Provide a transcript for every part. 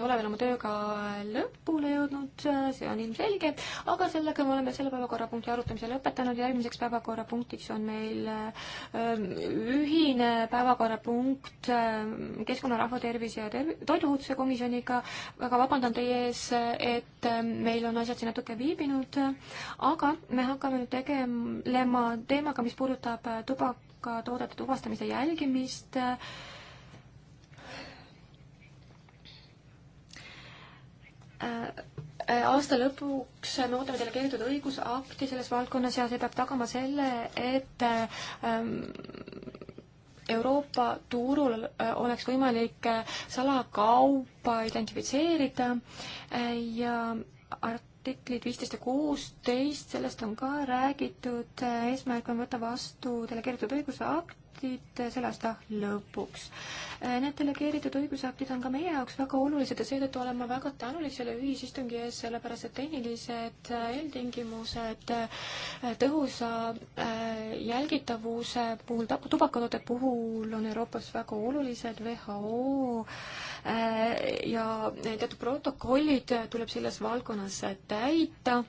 ei ole veel oma tööga lõpule jõudnud, see on ilmselge, aga sellega me oleme selle päevakorrapunkti arutamise lõpetanud ja järgmiseks päevakorrapunktiks on meil ähm, ühine päevakorrapunkt ähm, Keskkonna, Rahvatervise ja terv-, Toiduohutuse komisjoniga, väga vabandan teie ees, et ähm, meil on asjad siin natuke viibinud, aga me hakkame nüüd tegelema teemaga, mis puudutab äh, tubakatoodete tuvastamise jälgimist, Äh, äh, aasta lõpuks me ootame delegeeritud õigusakti selles valdkonnas ja see peab tagama selle, et ähm, Euroopa turul äh, oleks võimalik salakaupa identifitseerida ja artiklid viisteist ja kuusteist, sellest on ka räägitud, eesmärk on võtta vastu delegeeritud õigusakt, õigusaktid selle aasta lõpuks. Äh, need delegeeritud õigusaktid on ka meie jaoks väga olulised ja seetõttu olen ma väga tänulik selle ühisistungi ees, sellepärast et tehnilised äh, eeltingimused äh, tõhusa jälgitavuse puhul, tubakatoote puhul on Euroopas väga olulised, WHO ja teatud protokollid tuleb selles valdkonnas täita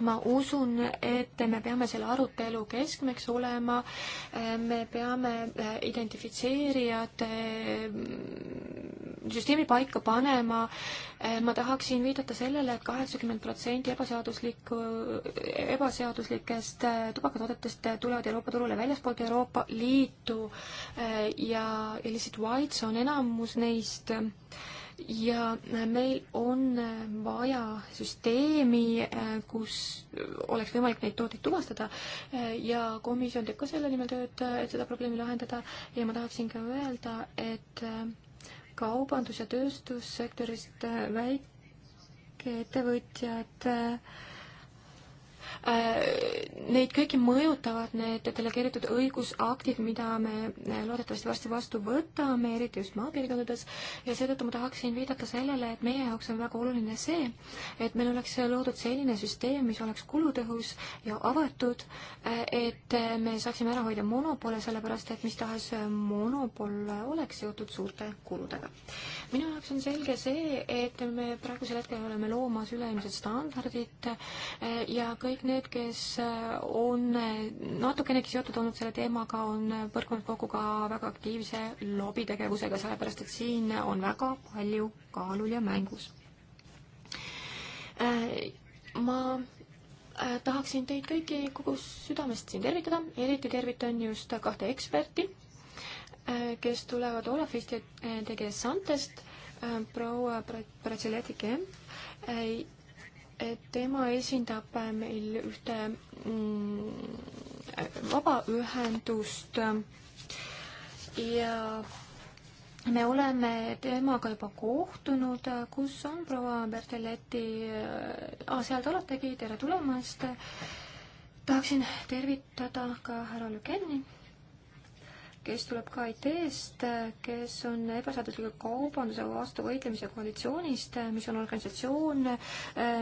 ma usun, et me peame selle arutelu keskmeks olema, me peame äh, identifitseerijad mm, süsteemi paika panema, äh, ma tahaksin viidata sellele et, et kaheksakümmend protsenti ebaseaduslikku, ebaseaduslikest äh, tubakatoodetest tulevad Euroopa turule väljaspoolt Euroopa Liitu ja, ja lihtsalt Whites on enamus neist ja meil on vaja süsteemi, kus oleks võimalik neid tooteid tuvastada ja komisjon teeb ka selle nimel tööd, et seda probleemi lahendada ja ma tahaksin ka öelda, et kaubandus- ja tööstussektorist väikeettevõtjad et Äh, neid kõiki mõjutavad need delegeeritud õigusaktid, mida me äh, loodetavasti varsti vastu võtame, eriti just maapiirkondades, ja seetõttu ma tahaksin viidata sellele, et meie jaoks on väga oluline see, et meil oleks loodud selline süsteem, mis oleks kulutõhus ja avatud, äh, et me saaksime ära hoida monopole, sellepärast et mis tahes monopol oleks seotud suurte kuludega. minu jaoks on selge see, et me praegusel hetkel oleme loomas üleilmsed standardid ja kõik need need, kes äh, on äh, natukenegi seotud olnud selle teemaga, on äh, põrkunud kokku ka väga aktiivse lobitegevusega, sellepärast et siin on väga palju kaalul ja mängus. ma tahaksin teid kõiki kogu südamest siin tervitada, eriti tervitan just kahte eksperti, kes tulevad Olafist ja TGS Santest, proua Bratsiletike tema esindab äh, meil ühte mm, vabaühendust ja me oleme temaga juba kohtunud, kus on proua Berteletti äh, ah,, seal te oletegi, tere tulemast. tahaksin tervitada ka härra Lükenni kes tuleb ka IT-st, kes on ebaseadusliku kaubanduse vastu võitlemise koalitsioonist, mis on organisatsioon,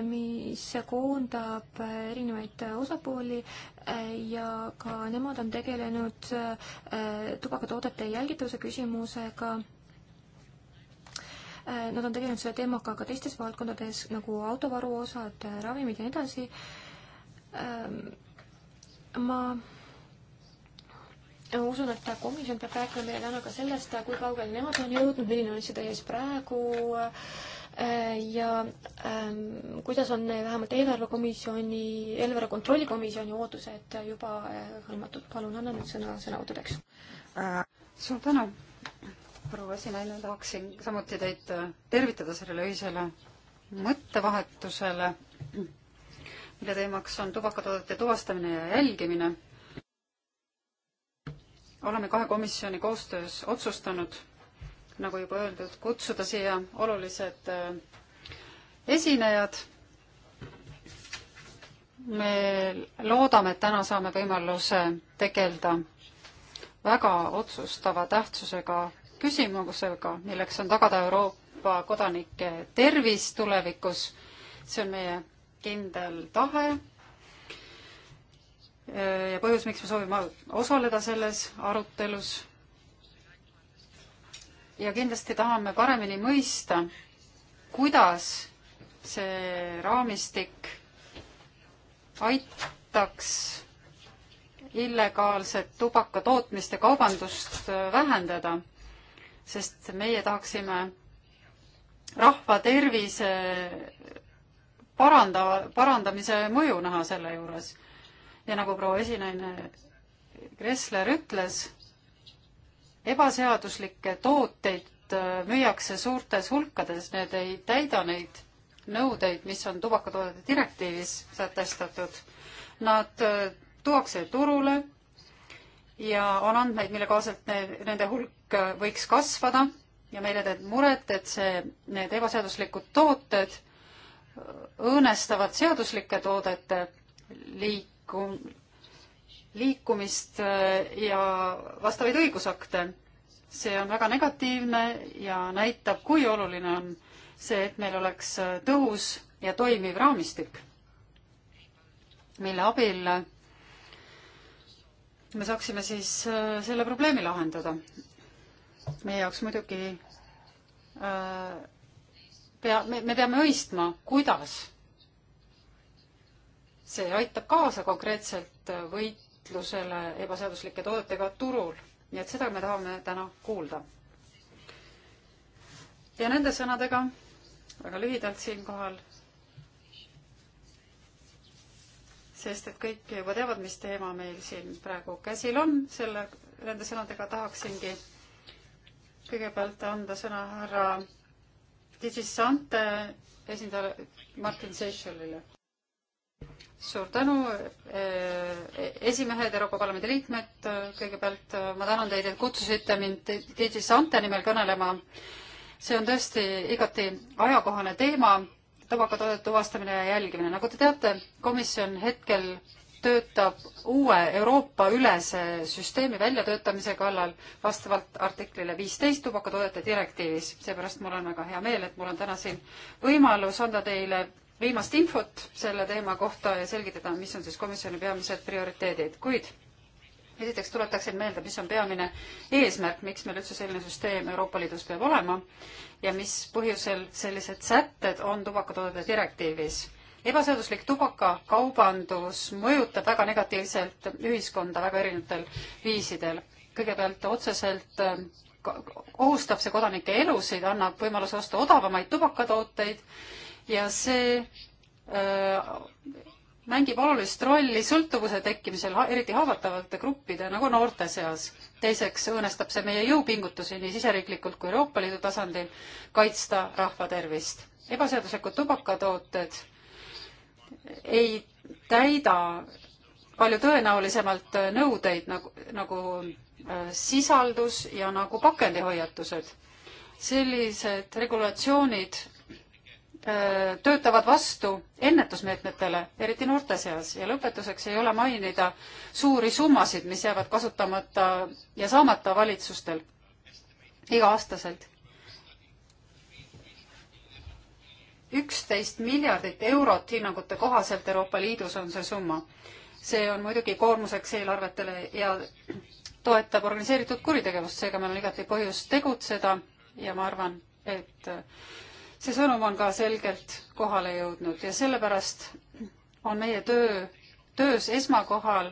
mis koondab erinevaid osapooli ja ka nemad on tegelenud äh, tubakatoodete jälgitavuse küsimusega äh, Nad on tegelenud selle teemaga ka teistes valdkondades nagu autovaruosad, ravimid ja nii edasi. Ähm, ma usun, et komisjon peab rääkima meile täna ka sellest, kui kaugele nemad on jõudnud, milline on asja täies praegu äh, ja ähm, kuidas on äh, vähemalt eelarvekomisjoni, eelarve kontrollikomisjoni ootused juba äh, hõlmatud. palun, anna nüüd sõna sõnavõttudeks äh,. suur tänu, proua esinaine, tahaksin samuti teid tervitada sellele öisele mõttevahetusele, mille teemaks on tubakatoodete tuvastamine ja jälgimine oleme kahe komisjoni koostöös otsustanud, nagu juba öeldud, kutsuda siia olulised äh, esinejad. me loodame, et täna saame võimaluse tegeleda väga otsustava tähtsusega küsimusega, milleks on tagada Euroopa kodanike tervis tulevikus. see on meie kindel tahe ja põhjus, miks me soovime osaleda selles arutelus. ja kindlasti tahame paremini mõista, kuidas see raamistik aitaks illegaalset tubaka tootmist ja kaubandust vähendada, sest meie tahaksime rahva tervise paranda, parandamise mõju näha selle juures ja nagu proua esinaine Kressler ütles, ebaseaduslikke tooteid äh, müüakse suurtes hulkades, need ei täida neid nõudeid, mis on tubakatoodete direktiivis sätestatud. Nad äh, tuuakse turule ja on andmeid, mille kohaselt ne, nende hulk äh, võiks kasvada ja meile teeb muret, et see, need ebaseaduslikud tooted õõnestavad seaduslike toodete liik-, liikumist äh, ja vastavaid õigusakte. see on väga negatiivne ja näitab, kui oluline on see, et meil oleks äh, tõhus ja toimiv raamistik, mille abil äh, me saaksime siis selle probleemi lahendada. meie jaoks muidugi pea, me, me peame mõistma, kuidas see aitab kaasa konkreetselt võitlusele ebaseaduslike toodetega turul. nii et seda me tahame täna kuulda. ja nende sõnadega väga lühidalt siinkohal, sest et kõik juba teavad, mis teema meil siin praegu käsil on, selle, nende sõnadega tahaksingi kõigepealt anda sõna härra Digisante esindajale Martin Seychellile suur tänu, eh, e-, esimehed, Euroopa Parlamendi liikmed, kõigepealt eh, ma tänan teid, et kutsusite mind DJ Sante nimel kõnelema. see on tõesti igati ajakohane teema, tubakatoodete tuvastamine ja jälgimine. nagu te teate, komisjon hetkel töötab uue Euroopa-ülese süsteemi väljatöötamise kallal vastavalt artiklile viisteist tubakatoodete direktiivis. seepärast mul on väga hea meel, et mul on täna siin võimalus anda teile viimast infot selle teema kohta ja selgitada, mis on siis komisjoni peamised prioriteedid, kuid esiteks tuletaksin meelde, mis on peamine eesmärk, miks meil üldse selline süsteem Euroopa Liidus peab olema ja mis põhjusel sellised sätted on tubakatoodete direktiivis. ebaseaduslik tubakakaubandus mõjutab väga negatiivselt ühiskonda väga erinevatel viisidel. kõigepealt otseselt äh, ohustab see kodanike elusid, annab võimaluse osta odavamaid tubakatooteid ja see äh, mängib olulist rolli sõltuvuse tekkimisel, eriti haavatavate gruppide nagu noorte seas. teiseks õõnestab see meie jõupingutusi nii siseriiklikult kui Euroopa Liidu tasandil kaitsta rahva tervist. ebaseaduslikud tubakatooted ei täida palju tõenäolisemalt nõudeid nagu, nagu äh, sisaldus ja nagu pakendihoiatused. sellised regulatsioonid Äh, töötavad vastu ennetusmeetmetele, eriti noorte seas ja lõpetuseks ei ole mainida suuri summasid, mis jäävad kasutamata ja saamata valitsustel iga-aastaselt. üksteist miljardit eurot hinnangute kohaselt Euroopa Liidus on see summa. see on muidugi koormuseks eelarvetele ja toetab organiseeritud kuritegevust, seega meil on igati põhjust tegutseda ja ma arvan, et see sõnum on ka selgelt kohale jõudnud ja sellepärast on meie töö, töös esmakohal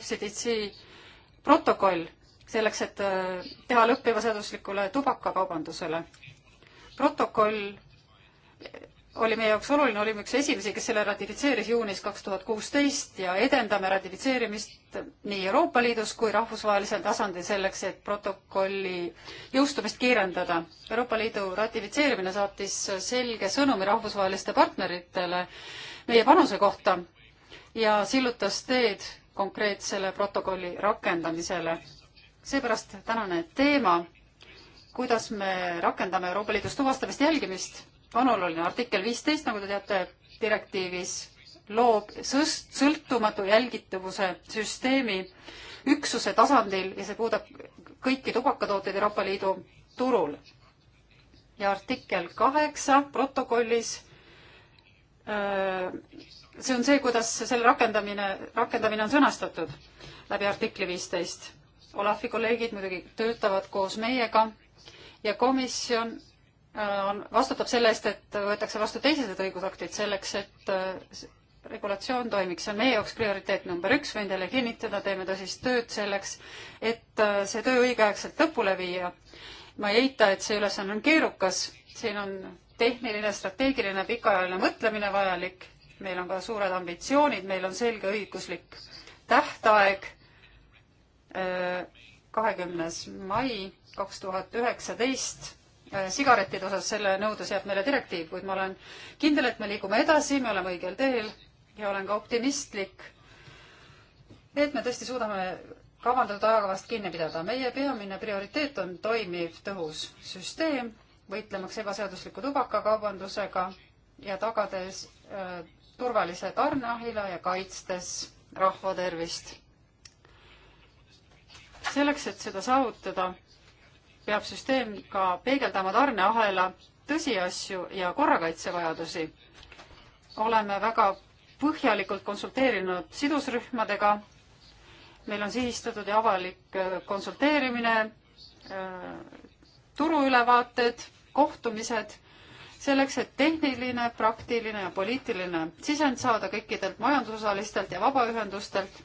FCDC protokoll selleks, et äh, teha lõpp ebaseaduslikule tubakakaubandusele. protokoll oli meie jaoks oluline, olime üks esimesi, kes selle ratifitseeris juunis kaks tuhat kuusteist ja edendame ratifitseerimist nii Euroopa Liidus kui rahvusvahelisel tasandil selleks, et protokolli jõustumist kiirendada. Euroopa Liidu ratifitseerimine saatis selge sõnumi rahvusvaheliste partneritele meie panuse kohta ja sillutas teed konkreetsele protokolli rakendamisele. seepärast tänane teema, kuidas me rakendame Euroopa Liidus tuvastamist jälgimist on oluline. artikkel viisteist, nagu te teate, direktiivis loob sõst, sõltumatu jälgitavuse süsteemi üksuse tasandil ja see puudab kõiki tubakatooteid Euroopa Liidu turul. ja artikkel kaheksa protokollis, äh, see on see, kuidas selle rakendamine, rakendamine on sõnastatud läbi artikli viisteist. Olafi kolleegid muidugi töötavad koos meiega ja komisjon Äh, on, vastutab selle eest, et võetakse vastu teised õigusaktid selleks, et äh, regulatsioon toimiks, see on meie jaoks prioriteet number üks, võin teile kinnitada, teeme tõsist tööd selleks, et äh, see töö õigeaegselt lõpule viia. ma ei eita, et see ülesanne on keerukas, siin on tehniline, strateegiline, pikaajaline mõtlemine vajalik, meil on ka suured ambitsioonid, meil on selge õiguslik tähtaeg, kahekümnes mai kaks tuhat üheksateist Äh, sigarettide osas selle nõudes jääb meile direktiiv, kuid ma olen kindel, et me liigume edasi, me oleme õigel teel ja olen ka optimistlik, et me tõesti suudame kavandatud ajakavast kinni pidada. meie peamine prioriteet on toimiv tõhus süsteem, võitlemaks ebaseadusliku tubakakaubandusega ja tagades äh, turvalise tarneahila ja kaitstes rahva tervist. selleks, et seda saavutada peab süsteem ka peegeldama tarneahela tõsiasju ja korrakaitsevajadusi. oleme väga põhjalikult konsulteerinud sidusrühmadega, meil on sihistatud ja avalik äh, konsulteerimine, äh, turuülevaated, kohtumised, selleks, et tehniline, praktiline ja poliitiline sisend saada kõikidelt majandusosalistelt ja vabaühendustelt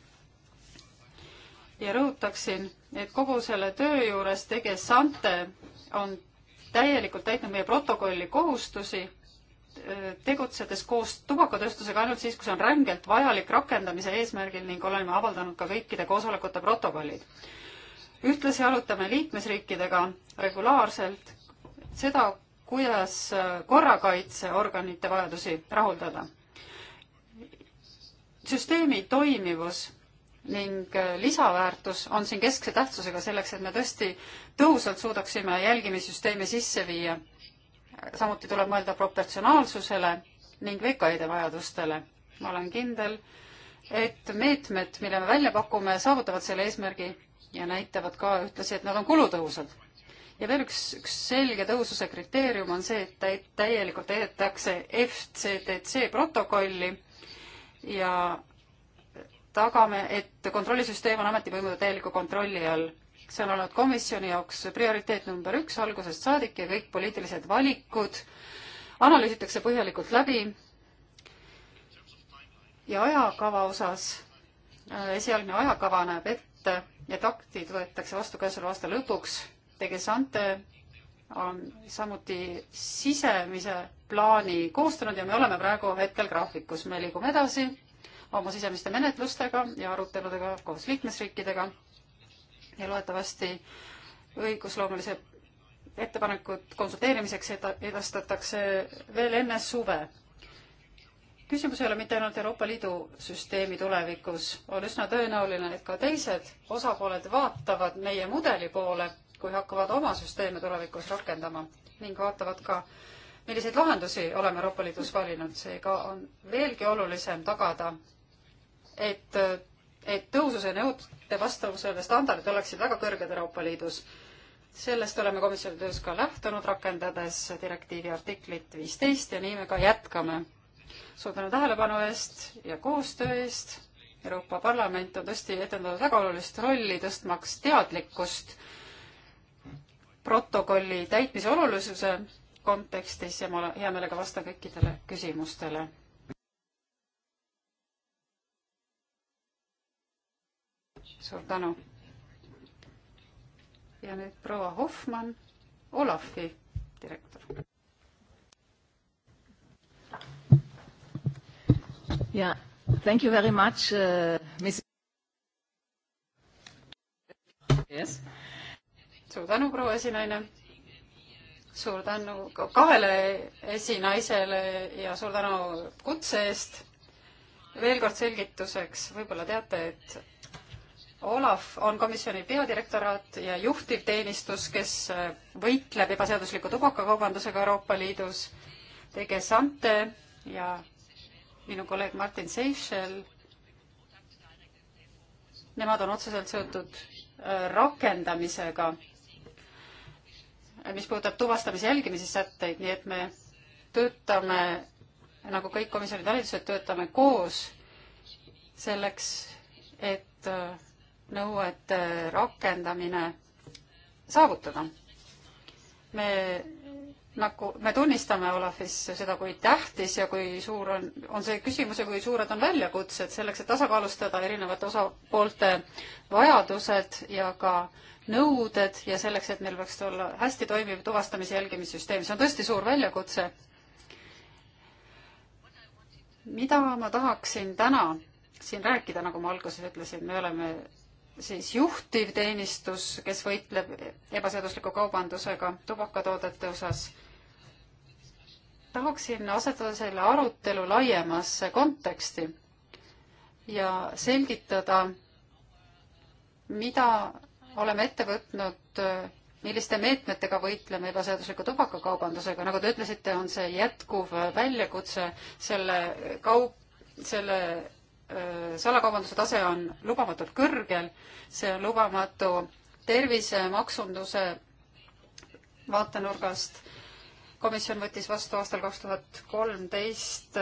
ja rõhutaksin, et kogu selle töö juures tege Sante on täielikult täitnud meie protokolli kohustusi, äh, tegutsedes koos tubakatööstusega ainult siis, kui see on rängelt vajalik rakendamise eesmärgil ning oleme avaldanud ka kõikide koosolekute protokollid. ühtlasi arutame liikmesriikidega regulaarselt seda, kuidas äh, korrakaitseorganite vajadusi rahuldada. süsteemi toimivus ning äh, lisaväärtus on siin keskse tähtsusega selleks, et me tõesti tõhusalt suudaksime jälgimissüsteemi sisse viia. samuti tuleb mõelda proportsionaalsusele ning VKI-de vajadustele. ma olen kindel, et meetmed, mille me välja pakume, saavutavad selle eesmärgi ja näitavad ka ühtlasi, et nad on kulutõhusad. ja veel üks, üks selge tõhususe kriteerium on see, et täi-, täielikult täidetakse FCTC protokolli ja tagame, et kontrollisüsteem on ametivõimude täieliku kontrolli all. see on olnud komisjoni jaoks prioriteet number üks algusest saadik ja kõik poliitilised valikud analüüsitakse põhjalikult läbi. ja ajakava osas, äh, esialgne ajakava näeb ette, et aktid võetakse vastu käesoleva aasta lõpuks. Degesante on samuti sisemise plaani koostanud ja me oleme praegu hetkel graafikus, me liigume edasi oma sisemiste menetlustega ja aruteludega koos liikmesriikidega ja loodetavasti õigusloomelise ettepanekud konsulteerimiseks edastatakse veel enne suve. küsimus ei ole mitte ainult Euroopa Liidu süsteemi tulevikus, on üsna tõenäoline, et ka teised osapooled vaatavad meie mudeli poole, kui hakkavad oma süsteeme tulevikus rakendama ning vaatavad ka, milliseid lahendusi oleme Euroopa Liidus valinud, seega on veelgi olulisem tagada et, et tõhususe nõude vastavusele standardid oleksid väga kõrged Euroopa Liidus. sellest oleme komisjoni töös ka lähtunud, rakendades direktiivi artiklit viisteist ja nii me ka jätkame. suur tänu tähelepanu eest ja koostöö eest. Euroopa Parlament on tõesti etendanud väga olulist rolli tõstmaks teadlikkust protokolli täitmise olulisuse kontekstis ja ma hea meelega vastan kõikidele küsimustele suur tänu. ja nüüd proua Hoffmann, Olafi direktor. ja thank you very much uh,, mis. Yes. suur tänu, proua esinaine. suur tänu ka kahele esinaisele ja suur tänu kutse eest. veel kord selgituseks, võib-olla teate, et Olav on komisjoni peadirektoraat ja juhtivteenistus, kes võitleb ebaseadusliku tubakakaubandusega Euroopa Liidus. Tege Sante ja minu kolleeg Martin Seichel. Nemad on otseselt seotud äh, rakendamisega, mis puudutab tuvastamise jälgimise sätteid, nii et me töötame, nagu kõik komisjoni talitused, töötame koos selleks, et äh, nõuete äh, rakendamine saavutada. me nagu, me tunnistame Olafis seda, kui tähtis ja kui suur on, on see küsimus ja kui suured on väljakutsed selleks, et tasakaalustada erinevate osapoolte vajadused ja ka nõuded ja selleks, et meil peaks olla hästi toimiv tuvastamise jälgimissüsteem, see on tõesti suur väljakutse. mida ma tahaksin täna siin rääkida, nagu ma alguses ütlesin, me oleme siis juhtiv teenistus, kes võitleb ebaseadusliku kaubandusega tubakatoodete osas. tahaksin asetada selle arutelu laiemasse konteksti ja selgitada, mida oleme ette võtnud, milliste meetmetega võitleme ebaseadusliku tubakakaubandusega, nagu te ütlesite, on see jätkuv väljakutse selle kaup, selle salakaubanduse tase on lubamatult kõrgel, see on lubamatu tervise, maksunduse vaatenurgast. komisjon võttis vastu aastal kaks tuhat kolmteist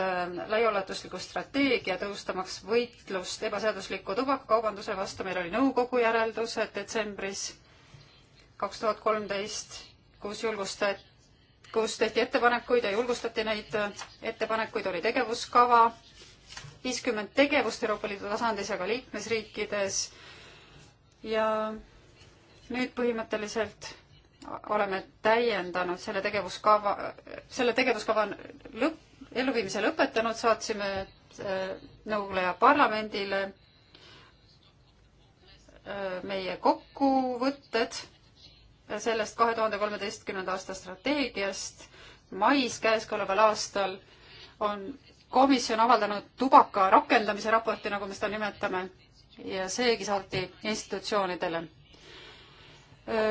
laiaulatusliku strateegia tõhustamaks võitlust ebaseadusliku tubakakaubanduse vastu, meil oli nõukogu järeldused detsembris kaks tuhat kolmteist, kus julgustati kus tehti ettepanekuid ja julgustati neid ettepanekuid, oli tegevuskava viiskümmend tegevust Euroopa Liidu tasandis ja ka liikmesriikides. ja nüüd põhimõtteliselt oleme täiendanud selle tegevuskava, selle tegevuskava lõpp, elluviimise lõpetanud, saatsime äh, nõukogule ja parlamendile äh, meie kokkuvõtted sellest kahe tuhande kolmeteistkümnenda aasta strateegiast. mais käesoleval aastal on komisjon avaldanud tubaka rakendamise raporti, nagu me seda nimetame, ja seegi saati institutsioonidele.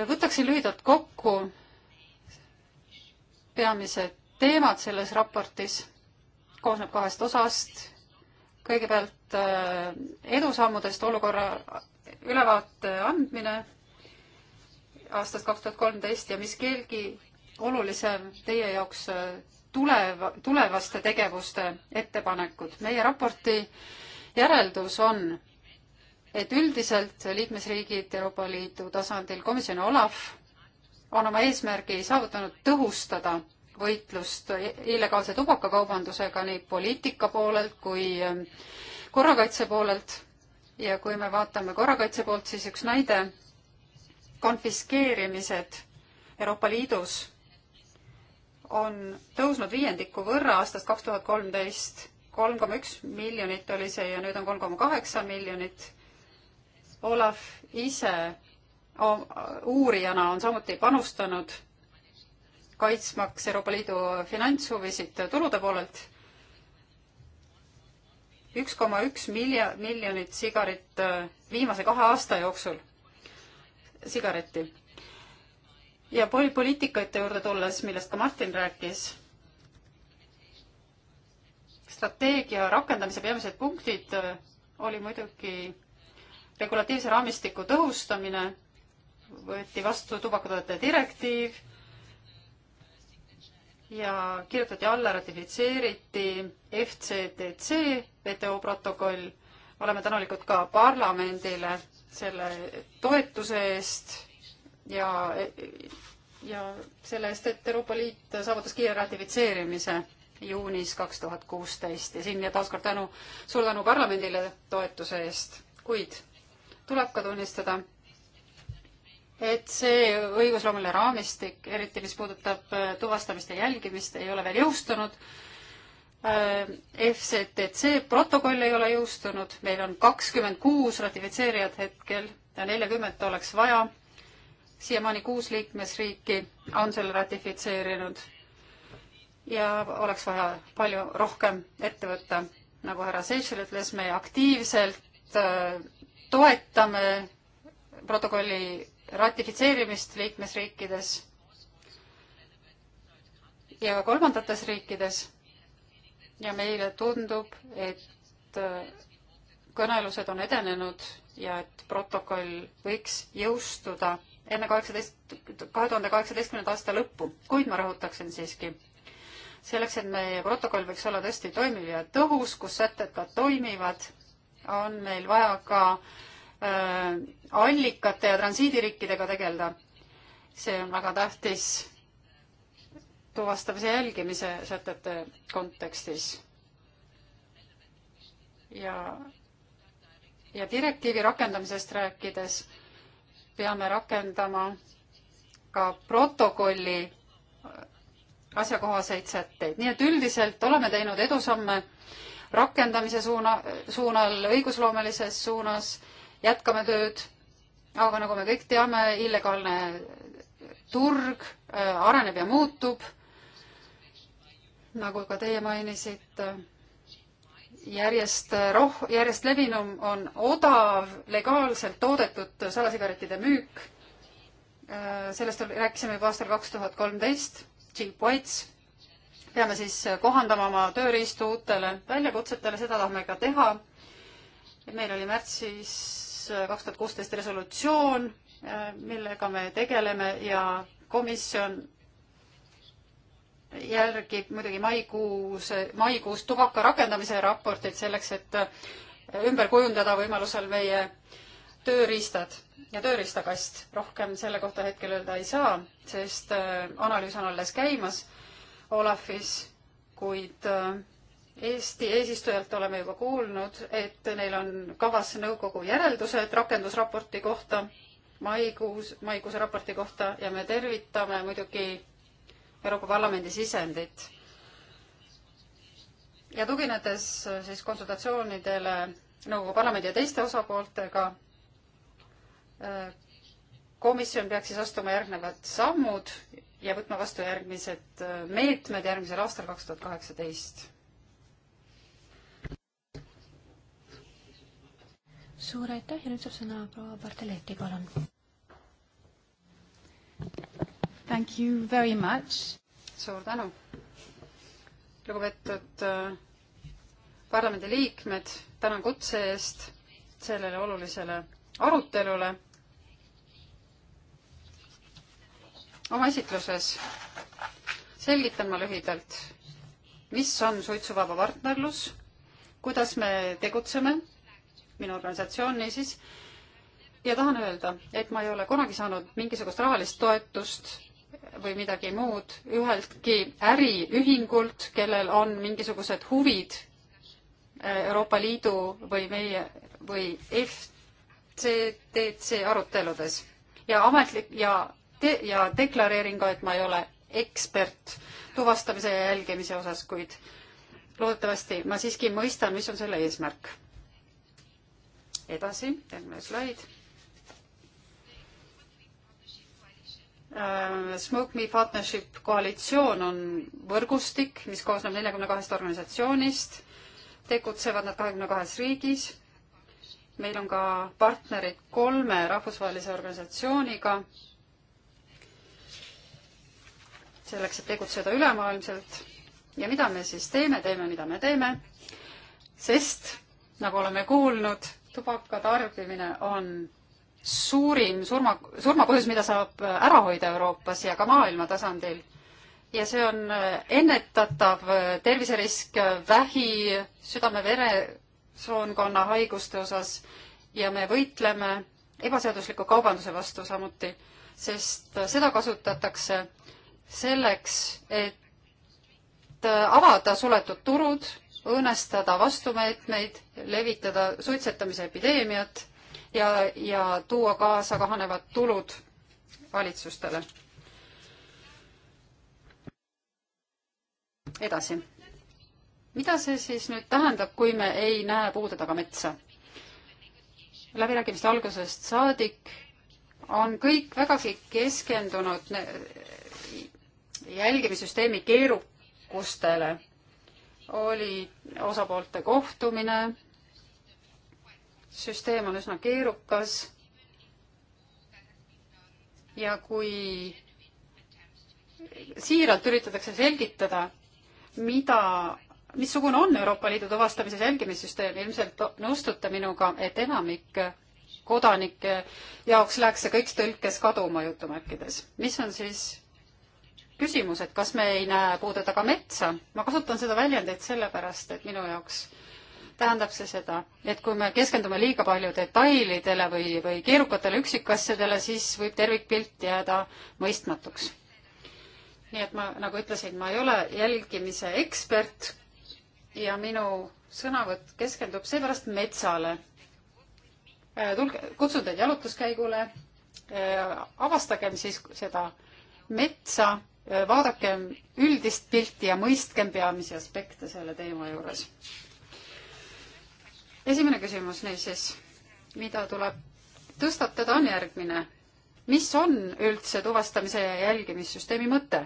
võtaksin lühidalt kokku peamised teemad selles raportis, koosneb kahest osast. kõigepealt edusammudest olukorra ülevaate andmine aastast kaks tuhat kolmteist ja mis keelgi olulisem teie jaoks tuleva, tulevaste tegevuste ettepanekud. meie raporti järeldus on, et üldiselt liikmesriigid Euroopa Liidu tasandil, komisjon ja Olav on oma eesmärgi saavutanud tõhustada võitlust illegaalse tubakakaubandusega nii poliitika poolelt kui ähm, korrakaitse poolelt. ja kui me vaatame korrakaitse poolt, siis üks näide, konfiskeerimised Euroopa Liidus on tõusnud viiendiku võrra aastast kaks tuhat kolmteist. kolm koma üks miljonit oli see ja nüüd on kolm koma kaheksa miljonit. Olav ise uurijana on samuti panustanud kaitsmaks Euroopa Liidu finantshuvisid tulude poolelt. üks koma üks milja-, miljonit sigarit äh, viimase kahe aasta jooksul, sigaretti ja poli-, poliitikate juurde tulles, millest ka Martin rääkis, strateegia rakendamise peamised punktid äh, oli muidugi regulatiivse raamistiku tõhustamine, võeti vastu tubakatoodete direktiiv ja kirjutati alla, ratifitseeriti FCTC WTO protokoll. oleme tänulikud ka parlamendile selle toetuse eest ja, ja selle eest, et Euroopa Liit saavutas kiire ratifitseerimise juunis kaks tuhat kuusteist ja siin ja taaskord tänu, suur tänu parlamendile toetuse eest, kuid tuleb ka tunnistada, et see õigusloomeline raamistik, eriti mis puudutab äh, tuvastamist ja jälgimist, ei ole veel jõustunud. Äh, FCTC protokoll ei ole jõustunud, meil on kakskümmend kuus ratifitseerijat hetkel ja neljakümmet oleks vaja siiamaani kuus liikmesriiki on selle ratifitseerinud ja oleks vaja palju rohkem ette võtta. nagu härra Seišel ütles, me aktiivselt äh, toetame protokolli ratifitseerimist liikmesriikides ja kolmandates riikides. ja meile tundub, et äh, kõnelused on edenenud ja et protokoll võiks jõustuda enne kaheksateist, kahe tuhande kaheksateistkümnenda aasta lõppu, kuid ma rõhutaksin siiski, selleks, et meie protokoll võiks olla tõesti toimiv ja tõhus, kus sätted ka toimivad, on meil vaja ka äh, allikate ja transiidiriikidega tegeleda. see on väga tähtis tuvastamise jälgimise sätete kontekstis. ja, ja direktiivi rakendamisest rääkides peame rakendama ka protokolli asjakohaseid sätteid, nii et üldiselt oleme teinud edusamme rakendamise suuna, suunal, õigusloomelises suunas, jätkame tööd, aga nagu me kõik teame, illegaalne turg äh, areneb ja muutub, nagu ka teie mainisite järjest roh-, järjest levinum on odav, legaalselt toodetud salasigarettide müük. sellest rääkisime juba aastal kaks tuhat kolmteist, cheap whites. peame siis kohandama oma tööriistu uutele väljakutsetele, seda tahame ka teha. meil oli märtsis kaks tuhat kuusteist resolutsioon, millega me tegeleme ja komisjon järgib muidugi maikuus, maikuus tubaka rakendamise raportit selleks, et ümber kujundada võimalusel meie tööriistad ja tööriistakast. rohkem selle kohta hetkel öelda ei saa, sest äh, analüüs on alles käimas Olafis, kuid äh, Eesti eesistujalt oleme juba kuulnud, et neil on kavas nõukogu järeldused rakendusraporti kohta, maikuus, maikuuse raporti kohta ja me tervitame muidugi Euroopa Parlamendi sisendit. ja tuginedes äh, siis konsultatsioonidele nõukogu no, parlamendi ja teiste osapooltega, äh, komisjon peaks siis astuma järgnevad sammud ja võtma vastu järgmised äh, meetmed järgmisel aastal kaks tuhat kaheksateist. suur aitäh ja nüüd saab sõna proua Barteletti, palun. Thank you very much. suur tänu. lugupeetud äh, parlamendiliikmed, tänan kutse eest sellele olulisele arutelule. oma esitluses selgitan ma lühidalt, mis on suitsuvaba partnerlus, kuidas me tegutseme, minu organisatsiooni siis, ja tahan öelda, et ma ei ole kunagi saanud mingisugust rahalist toetust või midagi muud üheltki äriühingult, kellel on mingisugused huvid äh, Euroopa Liidu või meie või FCTC aruteludes ja ametlik ja te, ja deklareerin ka, et ma ei ole ekspert tuvastamise ja jälgimise osas, kuid loodetavasti ma siiski mõistan, mis on selle eesmärk. edasi, järgmine slaid Äh, Smoke Me Partnership koalitsioon on võrgustik, mis koosneb neljakümne kahest organisatsioonist, tegutsevad nad kahekümne kahes riigis. meil on ka partnerid kolme rahvusvahelise organisatsiooniga, selleks, et tegutseda ülemaailmselt. ja mida me siis teeme, teeme, mida me teeme, sest nagu oleme kuulnud, tubaka tarbimine on suurim surma, surmapõhjus, mida saab äh, ära hoida Euroopas ja ka maailma tasandil. ja see on äh, ennetatav äh, terviserisk vähi, südame-veresoonkonna haiguste osas ja me võitleme ebaseadusliku kaubanduse vastu samuti, sest seda kasutatakse selleks, et avada suletud turud, õõnestada vastumeetmeid, levitada suitsetamise epideemiat ja, ja tuua kaasa kahanevad tulud valitsustele. edasi. mida see siis nüüd tähendab, kui me ei näe puude taga metsa? läbirääkimiste algusest saadik on kõik vägagi keskendunud jälgimissüsteemi keerukustele. oli osapoolte kohtumine süsteem on üsna keerukas ja kui siiralt üritatakse selgitada, mida, missugune on Euroopa Liidu tuvastamise jälgimissüsteem, ilmselt nõustute minuga, et enamik kodanike jaoks läheks see kõik tõlkes kaduma jutumärkides. mis on siis küsimus, et kas me ei näe puude taga metsa? ma kasutan seda väljendit sellepärast, et minu jaoks tähendab see seda, et kui me keskendume liiga palju detailidele või, või keerukatele üksikasjadele, siis võib tervikpilt jääda mõistmatuks. nii et ma, nagu ütlesin, ma ei ole jälgimise ekspert ja minu sõnavõtt keskendub seepärast metsale. Äh, tulge, kutsun teid jalutuskäigule, äh, avastagem siis seda metsa, äh, vaadakem üldist pilti ja mõistkem peamisi aspekte selle teema juures esimene küsimus niisiis, mida tuleb tõstatada, on järgmine. mis on üldse tuvastamise ja jälgimissüsteemi mõte?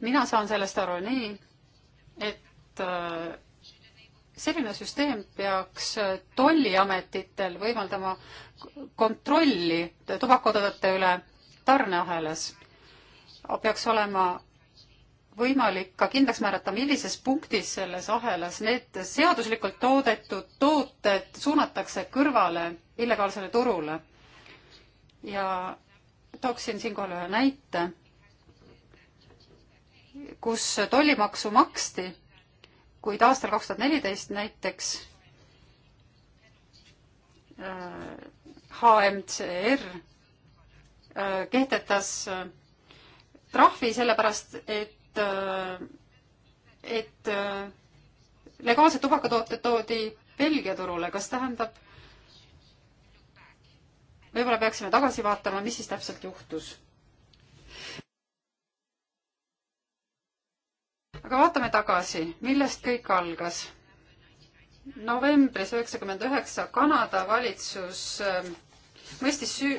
mina saan sellest aru nii, et äh, selline süsteem peaks äh, tolliametitel võimaldama kontrolli tubakatoodete üle tarneahelas. peaks olema võimalik ka kindlaks määrata, millises punktis selles ahelas need seaduslikult toodetud tooted suunatakse kõrvale illegaalsele turule. ja tooksin siinkohal ühe näite, kus tollimaksu maksti, kuid aastal kaks tuhat neliteist näiteks HMCR äh, äh, kehtetas äh, trahvi sellepärast, et et, äh, et äh, legaalsed tubakatooted toodi Belgia turule, kas tähendab, võib-olla peaksime tagasi vaatama, mis siis täpselt juhtus. aga vaatame tagasi, millest kõik algas novembris üheksakümmend üheksa Kanada valitsus äh, mõistis süü-,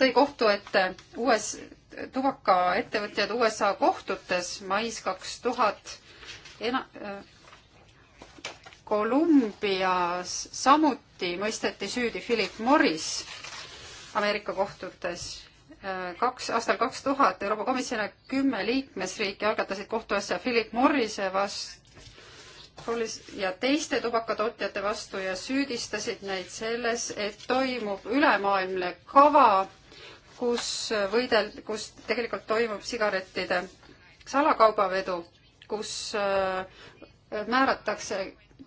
tõi kohtu ette US tubakaettevõtjad USA kohtutes mais kaks tuhat ena-, äh, Kolumbias samuti mõisteti süüdi Philip Morris Ameerika kohtutes. Äh, kaks, aastal kaks tuhat Euroopa Komisjoni kümme liikmesriiki algatasid kohtuasja Philip Morrise vastu ja teiste tubakatootjate vastu ja süüdistasid neid selles, et toimub ülemaailmne kava kus võidel, kus tegelikult toimub sigarettide salakaubavedu, kus äh, määratakse,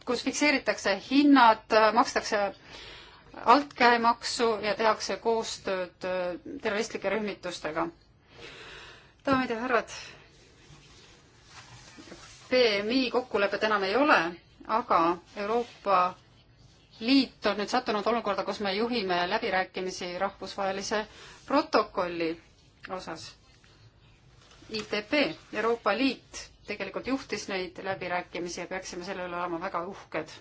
kus fikseeritakse hinnad, makstakse altkäemaksu ja tehakse koostööd äh, terroristlike rühmitustega. daamid ja härrad, BMI kokkulepet enam ei ole, aga Euroopa Liit on nüüd sattunud olukorda, kus me juhime läbirääkimisi rahvusvahelise protokolli osas. ITP, Euroopa Liit tegelikult juhtis neid läbirääkimisi ja peaksime selle üle olema väga uhked.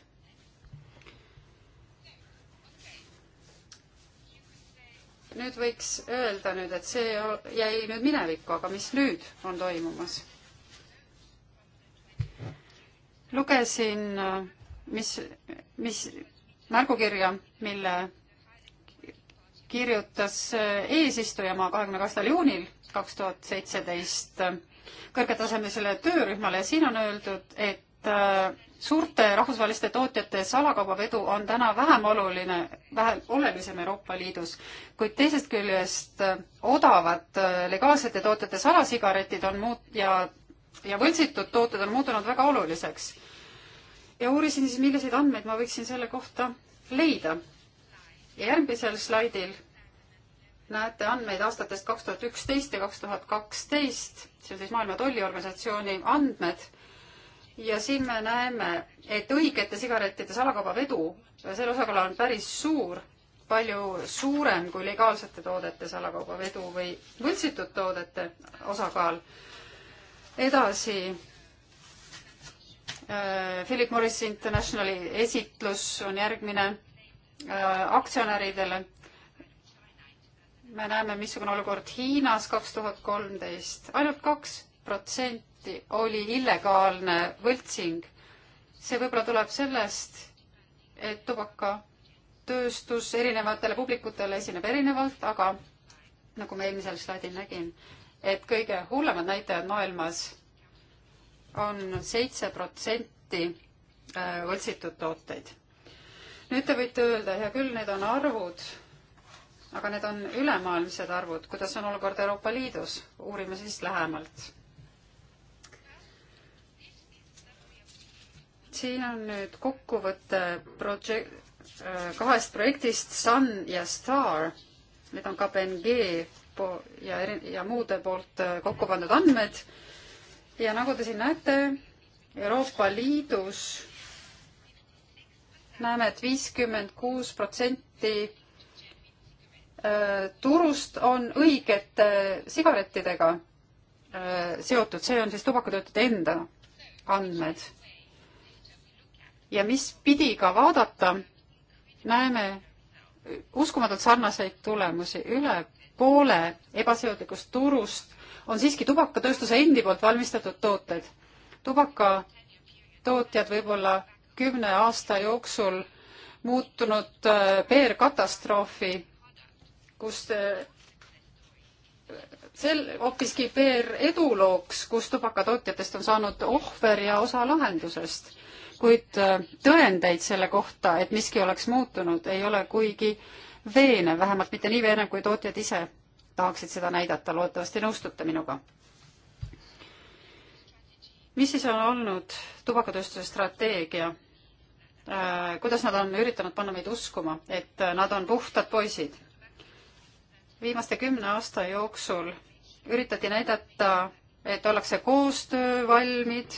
nüüd võiks öelda nüüd, et see jäi nüüd minevikku, aga mis nüüd on toimumas? lugesin, mis, mis märgukirja, mille kirjutas äh, eesistujamaa kahekümne kaheksandal juunil kaks tuhat seitseteist kõrgetasemelisele töörühmale ja siin on öeldud, et äh, suurte rahvusvaheliste tootjate salakaubavedu on täna vähem oluline, vähem olulisem Euroopa Liidus, kuid teisest küljest äh, odavad legaalsete tootjate salasigaretid on muut- ja, ja võltsitud tooted on muutunud väga oluliseks. ja uurisin siis, milliseid andmeid ma võiksin selle kohta leida ja järgmisel slaidil näete andmeid aastatest kaks tuhat üksteist ja kaks tuhat kaksteist, see on siis Maailma Tolliorganisatsiooni andmed. ja siin me näeme, et õigete sigarettide salakaubavedu, selle osakaal on päris suur, palju suurem kui legaalsete toodete salakaubavedu või võltsitud toodete osakaal. edasi. Äh, Philip Morris Internationali esitlus on järgmine Äh, aktsionäridele. me näeme, missugune olukord Hiinas kaks tuhat kolmteist, ainult kaks protsenti oli illegaalne võltsing. see võib-olla tuleb sellest, et tubakatööstus erinevatele publikutele esineb erinevalt, aga nagu ma eelmisel slaidil nägin, et kõige hullemad näitajad maailmas on seitse protsenti äh, võltsitud tooteid nüüd te võite öelda, hea küll, need on arvud, aga need on ülemaailmsed arvud, kuidas on olukord Euroopa Liidus, uurime siis lähemalt. siin on nüüd kokkuvõte projek-, äh, kahest projektist Sun ja Star, need on KPMG ja eri-, ja muude poolt äh, kokku pandud andmed ja nagu te siin näete, Euroopa Liidus näeme et, et viiskümmend kuus protsenti äh, turust on õigete äh, sigarettidega äh, seotud, see on siis tubakatootjate enda andmed. ja mis pidi ka vaadata, näeme uskumatult sarnaseid tulemusi, üle poole ebaseaduslikust turust on siiski tubakatööstuse endi poolt valmistatud tooted. tubakatootjad võib-olla kümne aasta jooksul muutunud PR-katastroofi, äh, kus äh, sel, hoopiski PR-edulooks, kus tubakatootjatest on saanud ohver ja osa lahendusest. kuid äh, tõendeid selle kohta, et miski oleks muutunud, ei ole kuigi veenev, vähemalt mitte nii veenev, kui tootjad ise tahaksid seda näidata, loodetavasti nõustute minuga mis siis on olnud tubakatööstuse strateegia? Äh, kuidas nad on üritanud panna meid uskuma, et äh, nad on puhtad poisid. viimaste kümne aasta jooksul üritati näidata, et ollakse koostöövalmid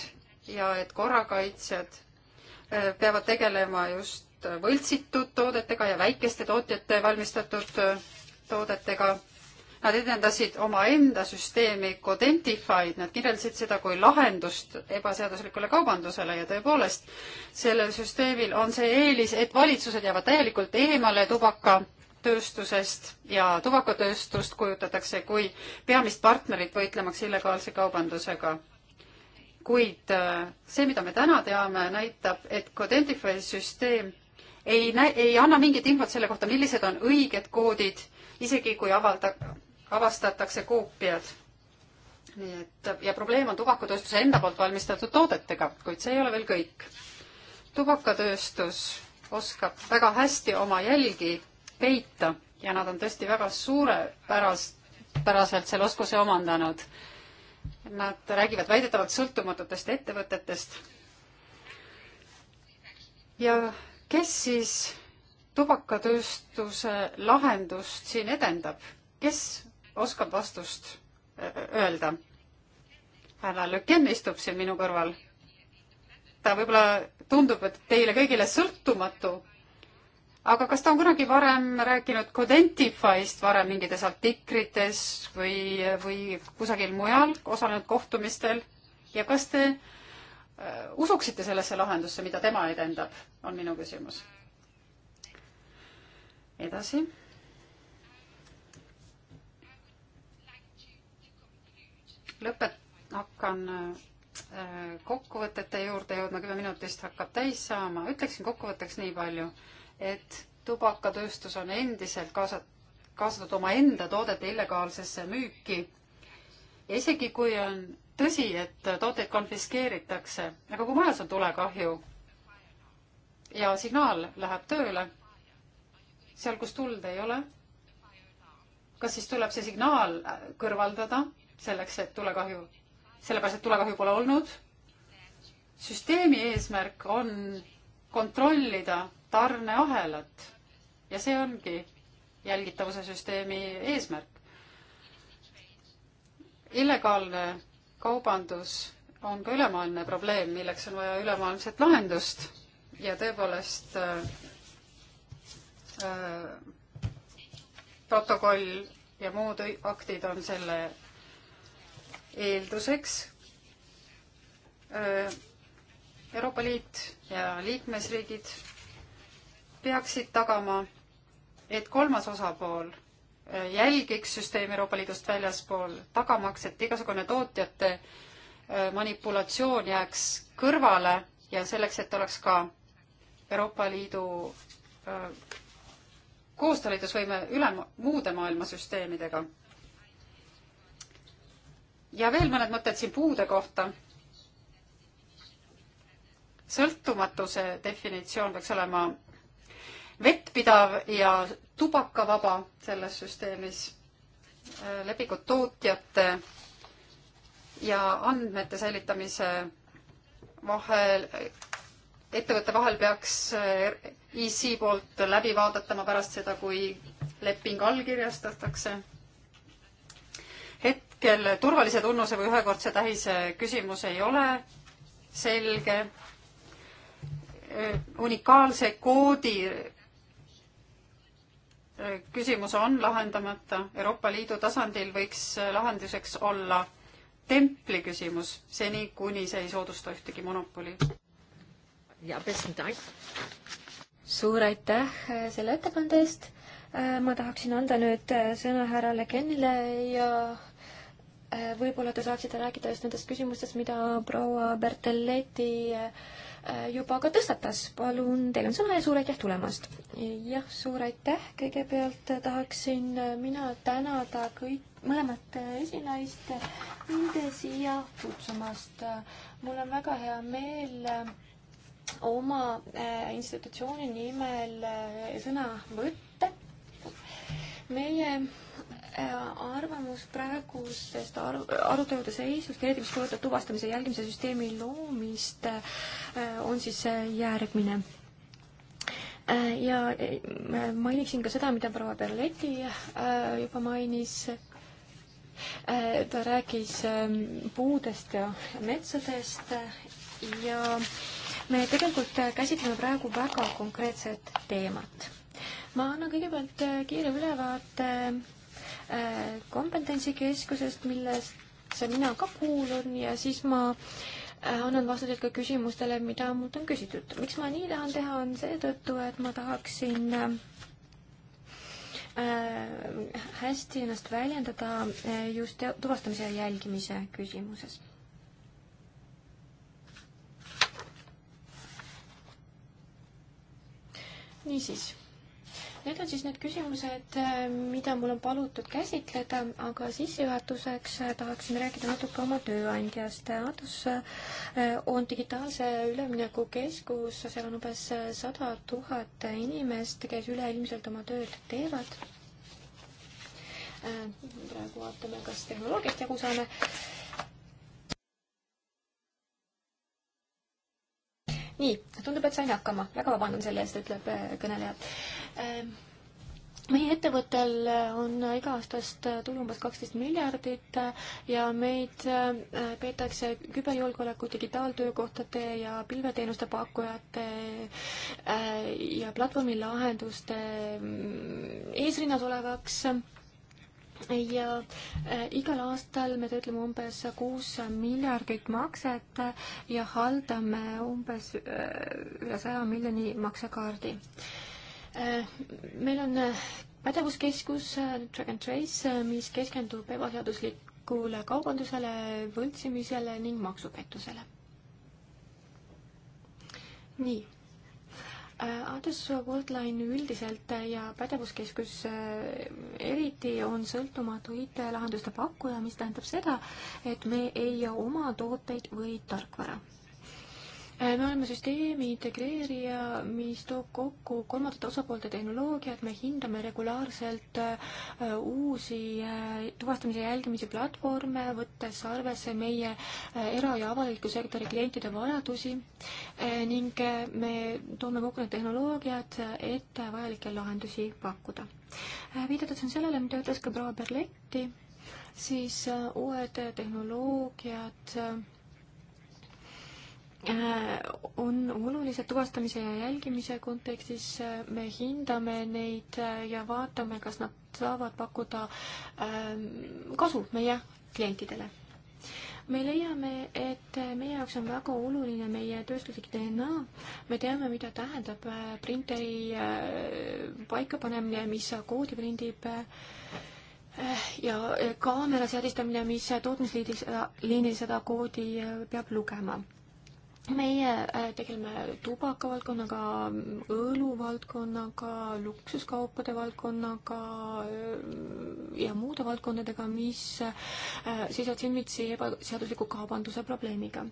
ja et korrakaitsjad äh, peavad tegelema just võltsitud toodetega ja väikeste tootjate valmistatud toodetega Nad edendasid omaenda süsteemi Codentified, nad kirjeldasid seda kui lahendust ebaseaduslikule kaubandusele ja tõepoolest, sellel süsteemil on see eelis, et valitsused jäävad täielikult eemale tubaka tööstusest ja tubakatööstust kujutatakse kui peamist partnerit võitlemaks illegaalse kaubandusega. kuid äh, see, mida me täna teame, näitab, et Codentify süsteem ei näe, ei anna mingit infot selle kohta, millised on õiged koodid, isegi kui avalda, avastatakse koopiad. nii et ja probleem on tubakatööstuse enda poolt valmistatud toodetega, kuid see ei ole veel kõik. tubakatööstus oskab väga hästi oma jälgi peita ja nad on tõesti väga suurepärast, päraselt selle oskuse omandanud. Nad räägivad väidetavalt sõltumatutest ettevõtetest. ja kes siis tubakatööstuse lahendust siin edendab, kes oskab vastust öelda. härra Löken istub siin minu kõrval. ta võib-olla tundub, et teile kõigile sõltumatu, aga kas ta on kunagi varem rääkinud Codentify'st varem mingites artiklites või, või kusagil mujal, osalenud kohtumistel ja kas te usuksite sellesse lahendusse, mida tema edendab, on minu küsimus. edasi lõpet-, hakkan äh, kokkuvõtete juurde jõudma, kümme minutist hakkab täis saama, ütleksin kokkuvõtteks nii palju, et tubakatööstus on endiselt kaasa, kaasatud omaenda toodete illegaalsesse müüki. ja isegi kui on tõsi, et tooteid konfiskeeritakse, aga kui majas on tulekahju ja signaal läheb tööle, seal, kus tuld ei ole, kas siis tuleb see signaal äh, kõrvaldada selleks, et tulekahju, sellepärast, et tulekahju pole olnud. süsteemi eesmärk on kontrollida tarneahelat ja see ongi jälgitavuse süsteemi eesmärk. illegaalne kaubandus on ka ülemaailmne probleem, milleks on vaja ülemaailmset lahendust ja tõepoolest äh, äh protokoll ja muud aktid on selle eelduseks Euroopa Liit ja liikmesriigid peaksid tagama, et kolmas osapool jälgiks süsteemi Euroopa Liidust väljaspool, tagamaks, et igasugune tootjate manipulatsioon jääks kõrvale ja selleks, et oleks ka Euroopa Liidu koostööliidusvõime üle muude maailmasüsteemidega ja veel mõned mõtted siin puude kohta. sõltumatuse definitsioon peaks olema vettpidav ja tubakavaba selles süsteemis. lepingud tootjate ja andmete säilitamise vahel, ettevõtte vahel peaks EC poolt läbi vaadatama pärast seda, kui leping allkirjastatakse hetkel turvalise tunnuse või ühekordse tähise küsimus ei ole selge. unikaalse koodi e, küsimus on lahendamata. Euroopa Liidu tasandil võiks lahenduseks olla templi küsimus, seni kuni see ei soodusta ühtegi monopoli. ja besten Dank. suur aitäh e, selle ettekande eest. E, ma tahaksin anda nüüd sõna härra Legenile ja Äh, võib-olla te saaksite rääkida just nendest küsimustest, mida proua Bertelletti äh, juba ka tõstatas. palun, teil on sõna ja suur aitäh tulemast! jah, suur aitäh, kõigepealt tahaksin mina tänada kõik, mõlemat esinaist nende siia kutsumast. mul on väga hea meel oma äh, institutsiooni nimel sõna võtta. meie Äh, arvamus praegusest aru, arutelude seisust, eriti mis puudutab tuvastamise jälgimise süsteemi loomist, äh, on siis äh, järgmine. ja mainiksin ka seda, mida proua Berleti juba mainis, ta rääkis ähm, puudest ja metsadest ja me tegelikult käsitleme praegu väga konkreetset teemat. ma annan kõigepealt kiire ülevaate kompetentsikeskusest, millesse mina ka kuulun ja siis ma äh, annan vastused ka küsimustele, mida mult on küsitud. miks ma nii tahan teha, on seetõttu, et ma tahaksin äh, hästi ennast väljendada äh, just tuvastamise ja jälgimise küsimuses niisiis, Need on siis need küsimused, äh, mida mul on palutud käsitleda, aga sissejuhatuseks äh, tahaksin rääkida natuke oma tööandjast. Atos äh, on digitaalse ülemineku keskus, seal on umbes sada tuhat inimest, kes üleilmselt oma tööd teevad. praegu vaatame, kas tehnoloogiast jagu saame nii, tundub, et sain hakkama, väga vabandan selle eest, ütleb äh, kõneleja. Ähm, meie ettevõttel on iga-aastast äh, tulu umbes kaksteist miljardit äh, ja meid peetakse küberjulgeoleku, digitaaltöökohtade ja pilveteenuste pakkujate ja platvormilahenduste mm, eesrinnas olevaks ja äh, igal aastal me töötleme umbes kuus miljardit makset ja haldame umbes äh, üle saja miljoni maksekaardi. Äh, meil on pädevuskeskus Track and Trace, mis keskendub ebaseaduslikule kaubandusele, võltsimisele ning maksupettusele. nii Äh, Andres Worldline üldiselt äh, ja pädevuskeskus äh, eriti on sõltumatu IT-lahenduste pakkuja, mis tähendab seda, et me ei oma tooteid või tarkvara Äh, me oleme süsteemi integreerija, mis toob kokku kolmandate osapoolte tehnoloogiat, me hindame regulaarselt äh, uusi äh, tuvastamise jälgimise platvorme, võttes arvesse meie era- ja avaliku sektori klientide vajadusi ning me toome kokku need tehnoloogiad, et vajalikke lahendusi pakkuda. viidates on sellele, mida ütles ka proua Berletti, siis uued tehnoloogiad Äh, on olulised tuvastamise ja jälgimise kontekstis. Äh, me hindame neid äh, ja vaatame, kas nad saavad pakkuda ähm, kasu meie klientidele. me leiame, et meie jaoks on väga oluline meie tööstuslik DNA. me teame, mida tähendab printeri paikapanemine, mis koodi prindib ja kaamera seadistamine, mis tootmisliinil seda koodi peab lugema meie äh, tegeleme tubakavaldkonnaga, õluvaldkonnaga, luksuskaupade valdkonnaga äh, ja muude valdkondadega, mis äh, seisavad silmitsi ebaseadusliku kaubanduse probleemiga.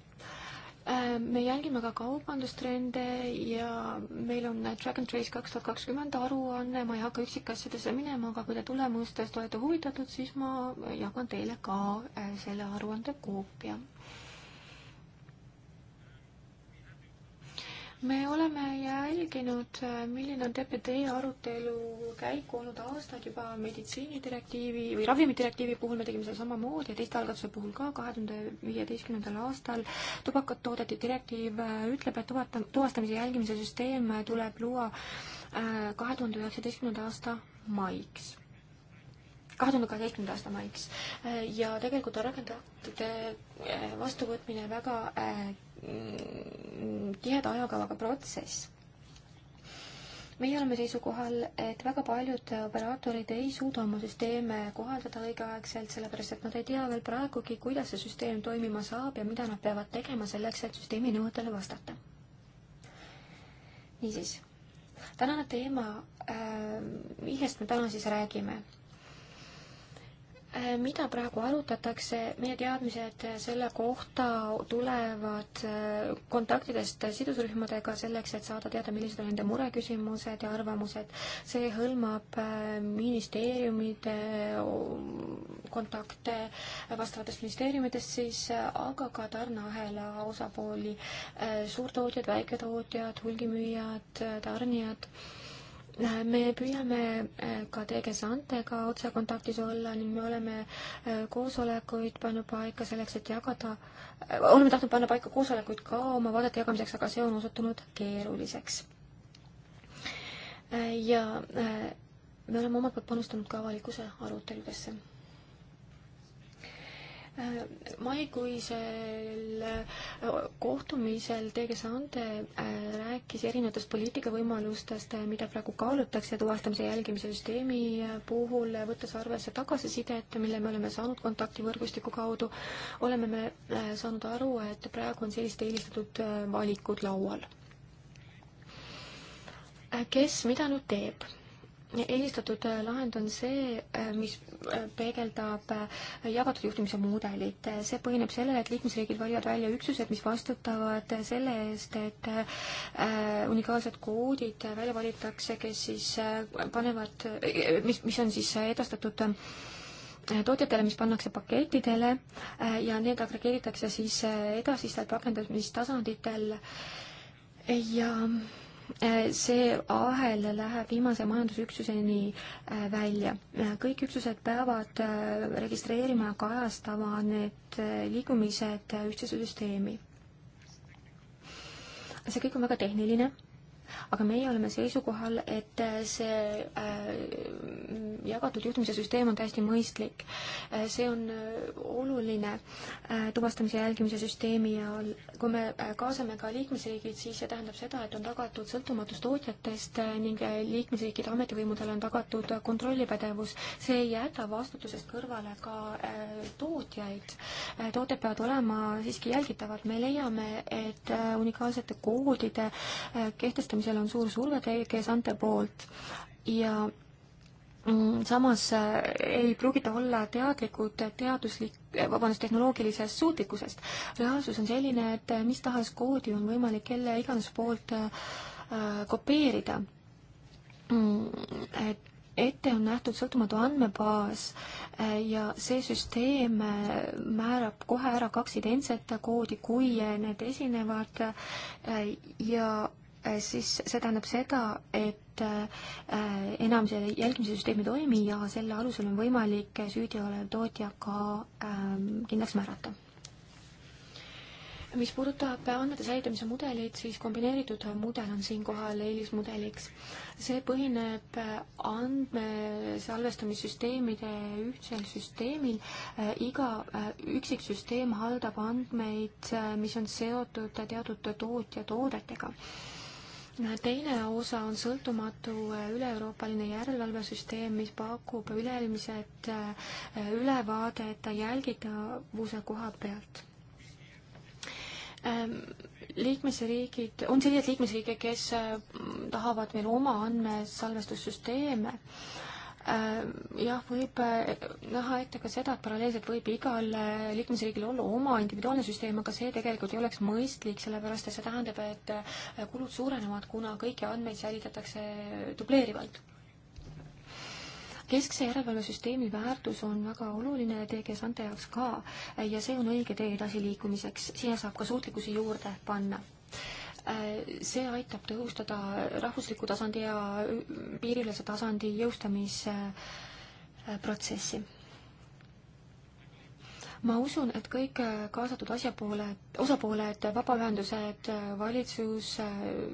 me jälgime ka kaubandustrende ja meil on Track and Trace kaks tuhat kakskümmend aruanne, ma ei hakka üksikasjadesse minema, aga kui te tulemustest olete huvitatud, siis ma jagan teile ka selle aruande koopia ja me oleme jälginud, milline on TPD arutelu käiku olnud aastaid juba meditsiinidirektiivi või ravimidirektiivi puhul me tegime seda samamoodi ja teiste algatuse puhul ka kahe tuhande viieteistkümnendal aastal. tubakatoodete direktiiv ütleb, et tuvata-, tuvastamise jälgimise süsteem tuleb luua äh, kahe tuhande üheksateistkümnenda aasta maiks kahe tuhande kaheteistkümnenda aasta maiks. ja tegelikult on rakendatud eh, vastuvõtmine väga eh, tiheda ajakavaga protsess meie oleme seisukohal, et väga paljud operaatorid ei suuda oma süsteeme kohaldada õigeaegselt, sellepärast et nad ei tea veel praegugi, kuidas see süsteem toimima saab ja mida nad peavad tegema selleks, et süsteemi nõuetele vastata. niisiis, tänane teema äh,, millest me täna siis räägime Äh, mida praegu arutatakse, meie teadmised selle kohta tulevad äh, kontaktidest sidusrühmadega selleks, et saada teada, millised on nende mureküsimused ja arvamused. see hõlmab äh, ministeeriumide kontakte vastavatest ministeeriumidest siis, aga ka tarneahela osapooli, suurtootjad, väiketootjad, hulgimüüjad, tarnijad me püüame äh, ka TG Santega otsekontaktis olla ning me oleme äh, koosolekuid pannud paika selleks, et jagada, äh, oleme tahtnud panna paika koosolekuid ka oma vaadete jagamiseks, aga see on osutunud keeruliseks. ja me oleme omalt poolt panustanud ka avalikkuse aruteludesse Äh, maikuisel äh, kohtumisel TG Sande äh, rääkis erinevatest poliitikavõimalustest, mida praegu kaalutakse tuvastamise jälgimise süsteemi puhul, võttes arvesse tagasisidet, mille me oleme saanud kontaktivõrgustiku kaudu, oleme me saanud aru, et praegu on sellised eelistatud valikud laual. kes mida nüüd teeb? eelistatud äh, lahend on see, äh, mis äh, peegeldab jagatud juhtimise mudelit. see põhineb sellele, et liikmesriigid valivad välja üksused, mis vastutavad selle eest, et unikaalsed koodid välja valitakse, kes siis panevad, mis, mis on siis edastatud tootjatele, mis pannakse pakettidele ja need agregeeritakse siis edasistel pakendamistasanditel ja Eh, see ahel läheb viimase majandusüksuseni eh, välja. Eh, kõik üksused peavad registreerima ja kajastama need liikumised ühtsesse süsteemi. see kõik on väga tehniline aga meie oleme seisukohal, et see äh, jagatud juhtimise süsteem on täiesti mõistlik. Äh, see on äh, oluline tuvastamise jälgimise süsteemi ja kui me kaasame ka liikmesriigid, siis see tähendab seda, et on tagatud sõltumatus tootjatest ning liikmesriikide ametivõimudele on tagatud kontrollipädevus. see ei jäta vastutusest kõrvale ka tootjaid. tooted peavad olema siiski jälgitavad. me leiame, et unikaalsete koodide kehtestamine elluviimisel on suur surve DG-sante poolt ja mm, samas äh, ei pruugita olla teadlikud teaduslik, vabandust, tehnoloogilisest suutlikkusest. reaalsus on selline, et äh, mis tahes koodi on võimalik kelle iganes poolt äh, kopeerida. Mm, et ette on nähtud sõltumatu andmebaas ja see süsteem määrab kohe ära kaks identset koodi, kui need esinevad ja Äh, siis see tähendab seda, et äh, äh, enam see jälgimissüsteem ei toimi ja selle alusel on võimalik süüdi olev tootja ka ähm, kindlaks määrata. mis puudutab andmete säilitamise mudelit, siis kombineeritud mudel on siinkohal eelismudeliks. see põhineb andmesalvestamissüsteemide ühtsel süsteemil. iga üksiksüsteem haldab andmeid, mis on seotud teatud tootja toodetega teine osa on sõltumatu üle-euroopaline järelevalvesüsteem, mis pakub üleilmset äh, ülevaadet jälgitavuse koha pealt. Ähm, liikmesriigid, on selliseid liikmesriike, kes äh, tahavad veel oma andmesalvestussüsteeme Äh, jah, võib äh, näha ette ka seda, et paralleelselt võib igal äh, liikmesriigil olla oma individuaalne süsteem, aga see tegelikult ei oleks mõistlik, sellepärast et see tähendab, et kulud suurenevad, kuna kõiki andmeid säilitatakse dubleerivalt. keskse järelevalvesüsteemi väärtus on väga oluline TG Sante jaoks ka ja see on õige tee edasiliikumiseks, siia saab ka suutlikkusi juurde panna Äh, see aitab tõhustada rahvusliku tasandi ja piirilise tasandi jõustamise äh, protsessi. ma usun, et kõik äh, kaasatud asjapooled, osapooled, vabaühendused, valitsus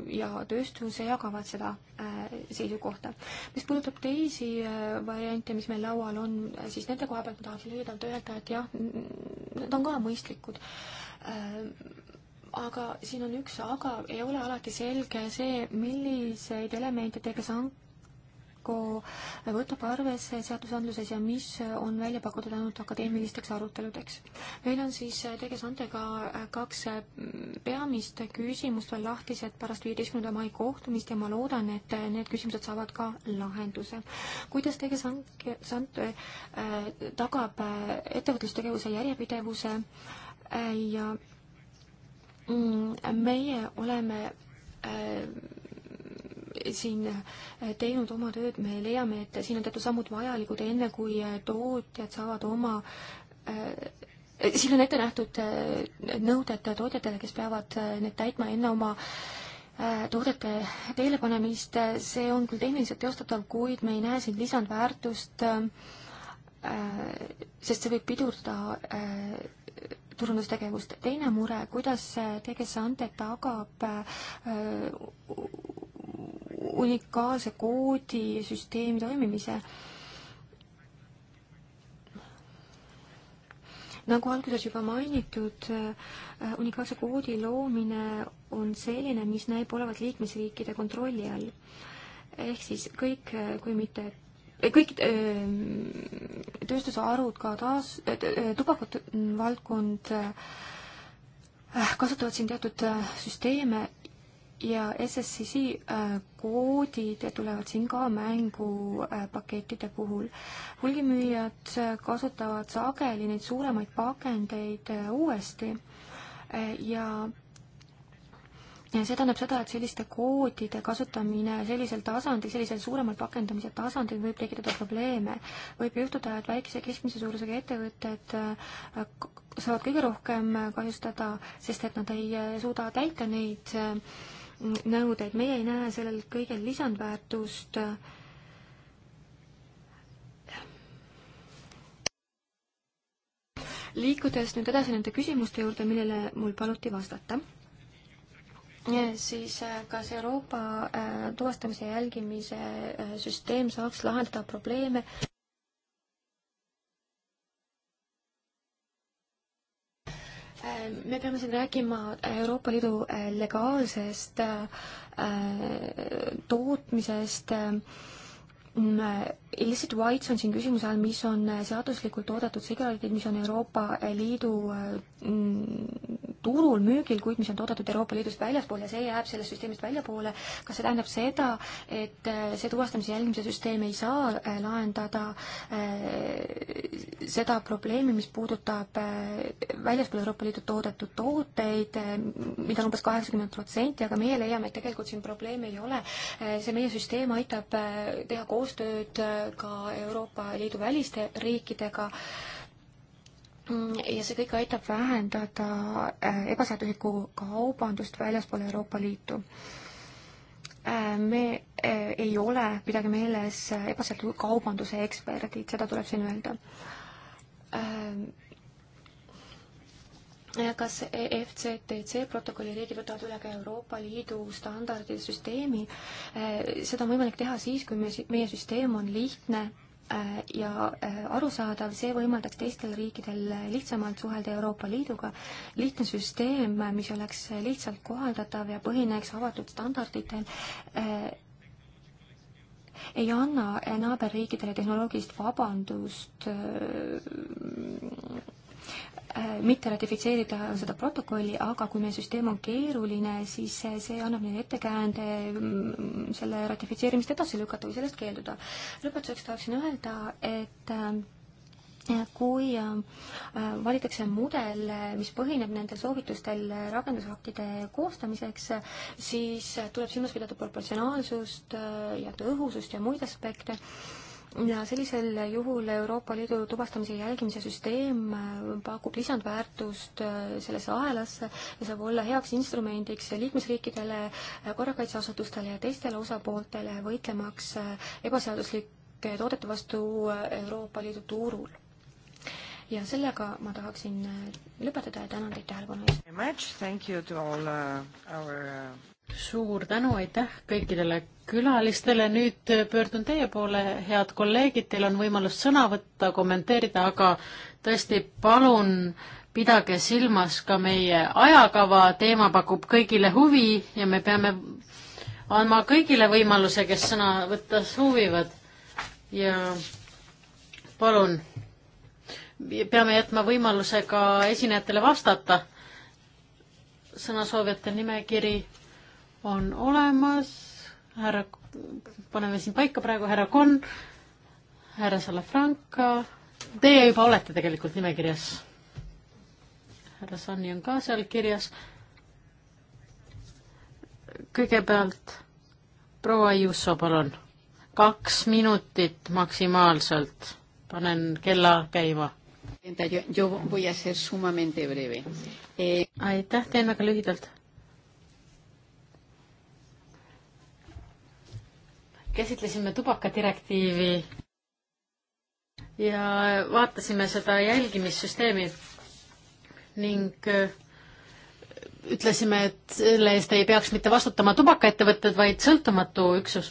ja tööstus jagavad seda seisukohta. mis puudutab teisi variante, mis meil laual on, siis nende koha pealt ma tahaksin lühidalt öelda, et jah, need on ka mõistlikud aga siin on üks aga, ei ole alati selge see, milliseid elemente tege Sanko võtab arvesse seadusandluses ja mis on välja pakutud ainult akadeemilisteks aruteludeks. meil on siis tege Santega kaks peamist küsimust veel lahtised pärast viieteistkümnenda mai kohtumist ja ma loodan, et need küsimused saavad ka lahenduse. kuidas tege Sant-, Sant- äh, tagab äh, ettevõtlustegevuse järjepidevuse äh, ja Mm, meie oleme äh, siin äh, teinud oma tööd, me leiame, et siin on teatud sammud vajalikud, enne kui äh, tootjad saavad oma siin on ette nähtud nõuded tootjatele, kes peavad need täitma enne oma toodete teelepanemist, see on küll tehniliselt teostatav, kuid me ei näe siin lisandväärtust, sest see võib pidurdada turundustegevust. teine mure, kuidas TGS Ante tagab äh, unikaalse koodisüsteemi toimimise nagu alguses juba mainitud, äh, unikaalse koodi loomine on selline, mis näib olevat liikmesriikide kontrolli all. ehk siis kõik, äh, kui mitte kõik äh, tööstusharud ka taas, äh, äh, tubakat valdkond kasutavad siin teatud süsteeme ja SSCC koodid tulevad siin ka mängu pakettide puhul. hulgimüüjad kasutavad sageli neid suuremaid pakendeid uuesti ja see tähendab seda, et selliste koodide kasutamine sellisel tasandil, sellisel suuremal pakendamise tasandil võib tekitada probleeme. võib juhtuda, et väikese keskmise suurusega ettevõtted äh, saavad kõige rohkem äh, kahjustada, sest et nad ei äh, suuda täita neid nõudeid, meie ei näe sellel kõigel lisandväärtust liikudes nüüd edasi nende küsimuste juurde, millele mul paluti vastata siis äh, kas Euroopa äh, tuvastamise jälgimise äh, süsteem saaks lahendada probleeme? me peame siin rääkima Euroopa Liidu legaalsest tootmisest mm, illicit whites on siin küsimuse all, mis on äh, seaduslikult toodetud sigaretid, mis on Euroopa äh, Liidu äh, mm, turul müügil, kuid mis on toodetud Euroopa Liidust väljaspool ja see jääb sellest süsteemist väljapoole. kas see tähendab seda, et see tuvastamise jälgimise süsteem ei saa lahendada seda probleemi, mis puudutab väljaspool Euroopa Liidu toodetud tooteid, mida on umbes kaheksakümmend protsenti, aga meie leiame, et tegelikult siin probleemi ei ole. see meie süsteem aitab teha koostööd ka Euroopa Liidu väliste riikidega ja see kõik aitab vähendada äh, ebaseaduslikku kaubandust väljaspool Euroopa Liitu. Äh, me äh, ei ole, pidage meeles, ebaseadusliku kaubanduse eksperdid, seda tuleb siin öelda kas e FCTC protokolli riigid võtavad üle ka Euroopa Liidu standardisüsteemi, eh, seda on võimalik teha siis, kui me, meie süsteem on lihtne eh, ja eh, arusaadav, see võimaldaks teistel riikidel lihtsamalt suhelda Euroopa Liiduga. lihtne süsteem, mis oleks lihtsalt kohaldatav ja põhineks avatud standarditel, ei anna naaberriikidele tehnoloogilist vabandust Äh, mitte ratifitseerida seda protokolli, aga kui meie süsteem on keeruline, siis see annab meile ettekäände mm, selle ratifitseerimist edasi lükata või sellest keelduda. lõpetuseks tahaksin öelda, et äh, kui äh, valitakse mudel, mis põhineb nendel soovitustel rakendusaktide koostamiseks, siis tuleb silmas pidada proportsionaalsust ja tõhusust ja muid aspekte ja sellisel juhul Euroopa Liidu tuvastamise jälgimise süsteem äh, pakub lisandväärtust äh, sellesse ahelasse ja saab olla heaks instrumendiks liikmesriikidele, äh, korrakaitseasutustele ja teistele osapooltele, võitlemaks ebaseaduslike toodete vastu Euroopa Liidu turul. ja sellega ma tahaksin lõpetada ja tänan teid tähelepanu eest suur tänu, aitäh kõikidele külalistele, nüüd pöördun teie poole, head kolleegid, teil on võimalus sõna võtta, kommenteerida, aga tõesti palun pidage silmas ka meie ajakava, teema pakub kõigile huvi ja me peame andma kõigile võimaluse, kes sõna võtta soovivad. ja palun, peame jätma võimaluse ka esinejatele vastata. sõnasoovijatel nimekiri on olemas, härra, paneme siin paika praegu, härra Kon, härra Salafranca, teie juba olete tegelikult nimekirjas. härra Sanni on ka seal kirjas. kõigepealt proua Jusso, palun. kaks minutit maksimaalselt, panen kella käima eh, aitäh, teen väga lühidalt. käsitlesime tubakadirektiivi ja vaatasime seda jälgimissüsteemi ning äh, ütlesime, et selle eest ei peaks mitte vastutama tubakaettevõtted, vaid sõltumatu üksus.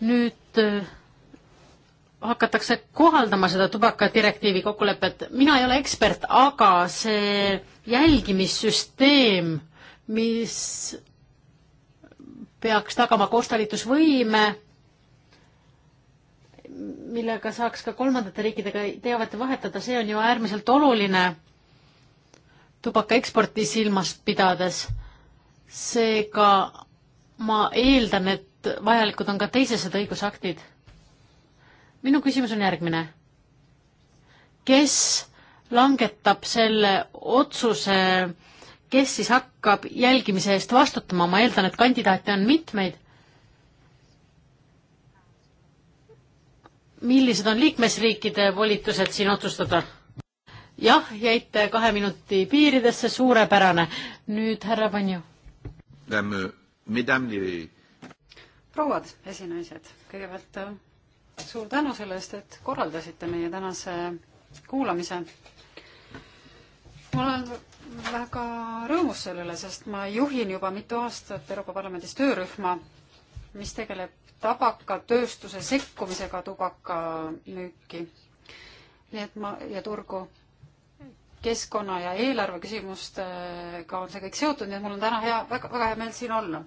nüüd äh, hakatakse kohaldama seda tubakadirektiivi kokkulepet, mina ei ole ekspert, aga see jälgimissüsteem, mis peaks tagama koostalitusvõime, millega saaks ka kolmandate riikidega teavet vahetada, see on ju äärmiselt oluline tubaka eksporti silmas pidades. seega ma eeldan, et vajalikud on ka teised õigusaktid. minu küsimus on järgmine. kes langetab selle otsuse äh, kes siis hakkab jälgimise eest vastutama, ma eeldan, et kandidaate on mitmeid. millised on liikmesriikide volitused siin otsustada? jah, jäite kahe minuti piiridesse, suurepärane. nüüd härra Panju. prouad esinaised, kõigepealt äh, suur tänu selle eest, et korraldasite meie tänase kuulamise. mul on väga rõõmus selle üle, sest ma juhin juba mitu aastat Euroopa Parlamendis töörühma, mis tegeleb tabakatööstuse sekkumisega tubakamüüki. nii et ma ja turgu keskkonna ja eelarve küsimustega on see kõik seotud, nii et mul on täna hea, väga, väga hea meel siin olla.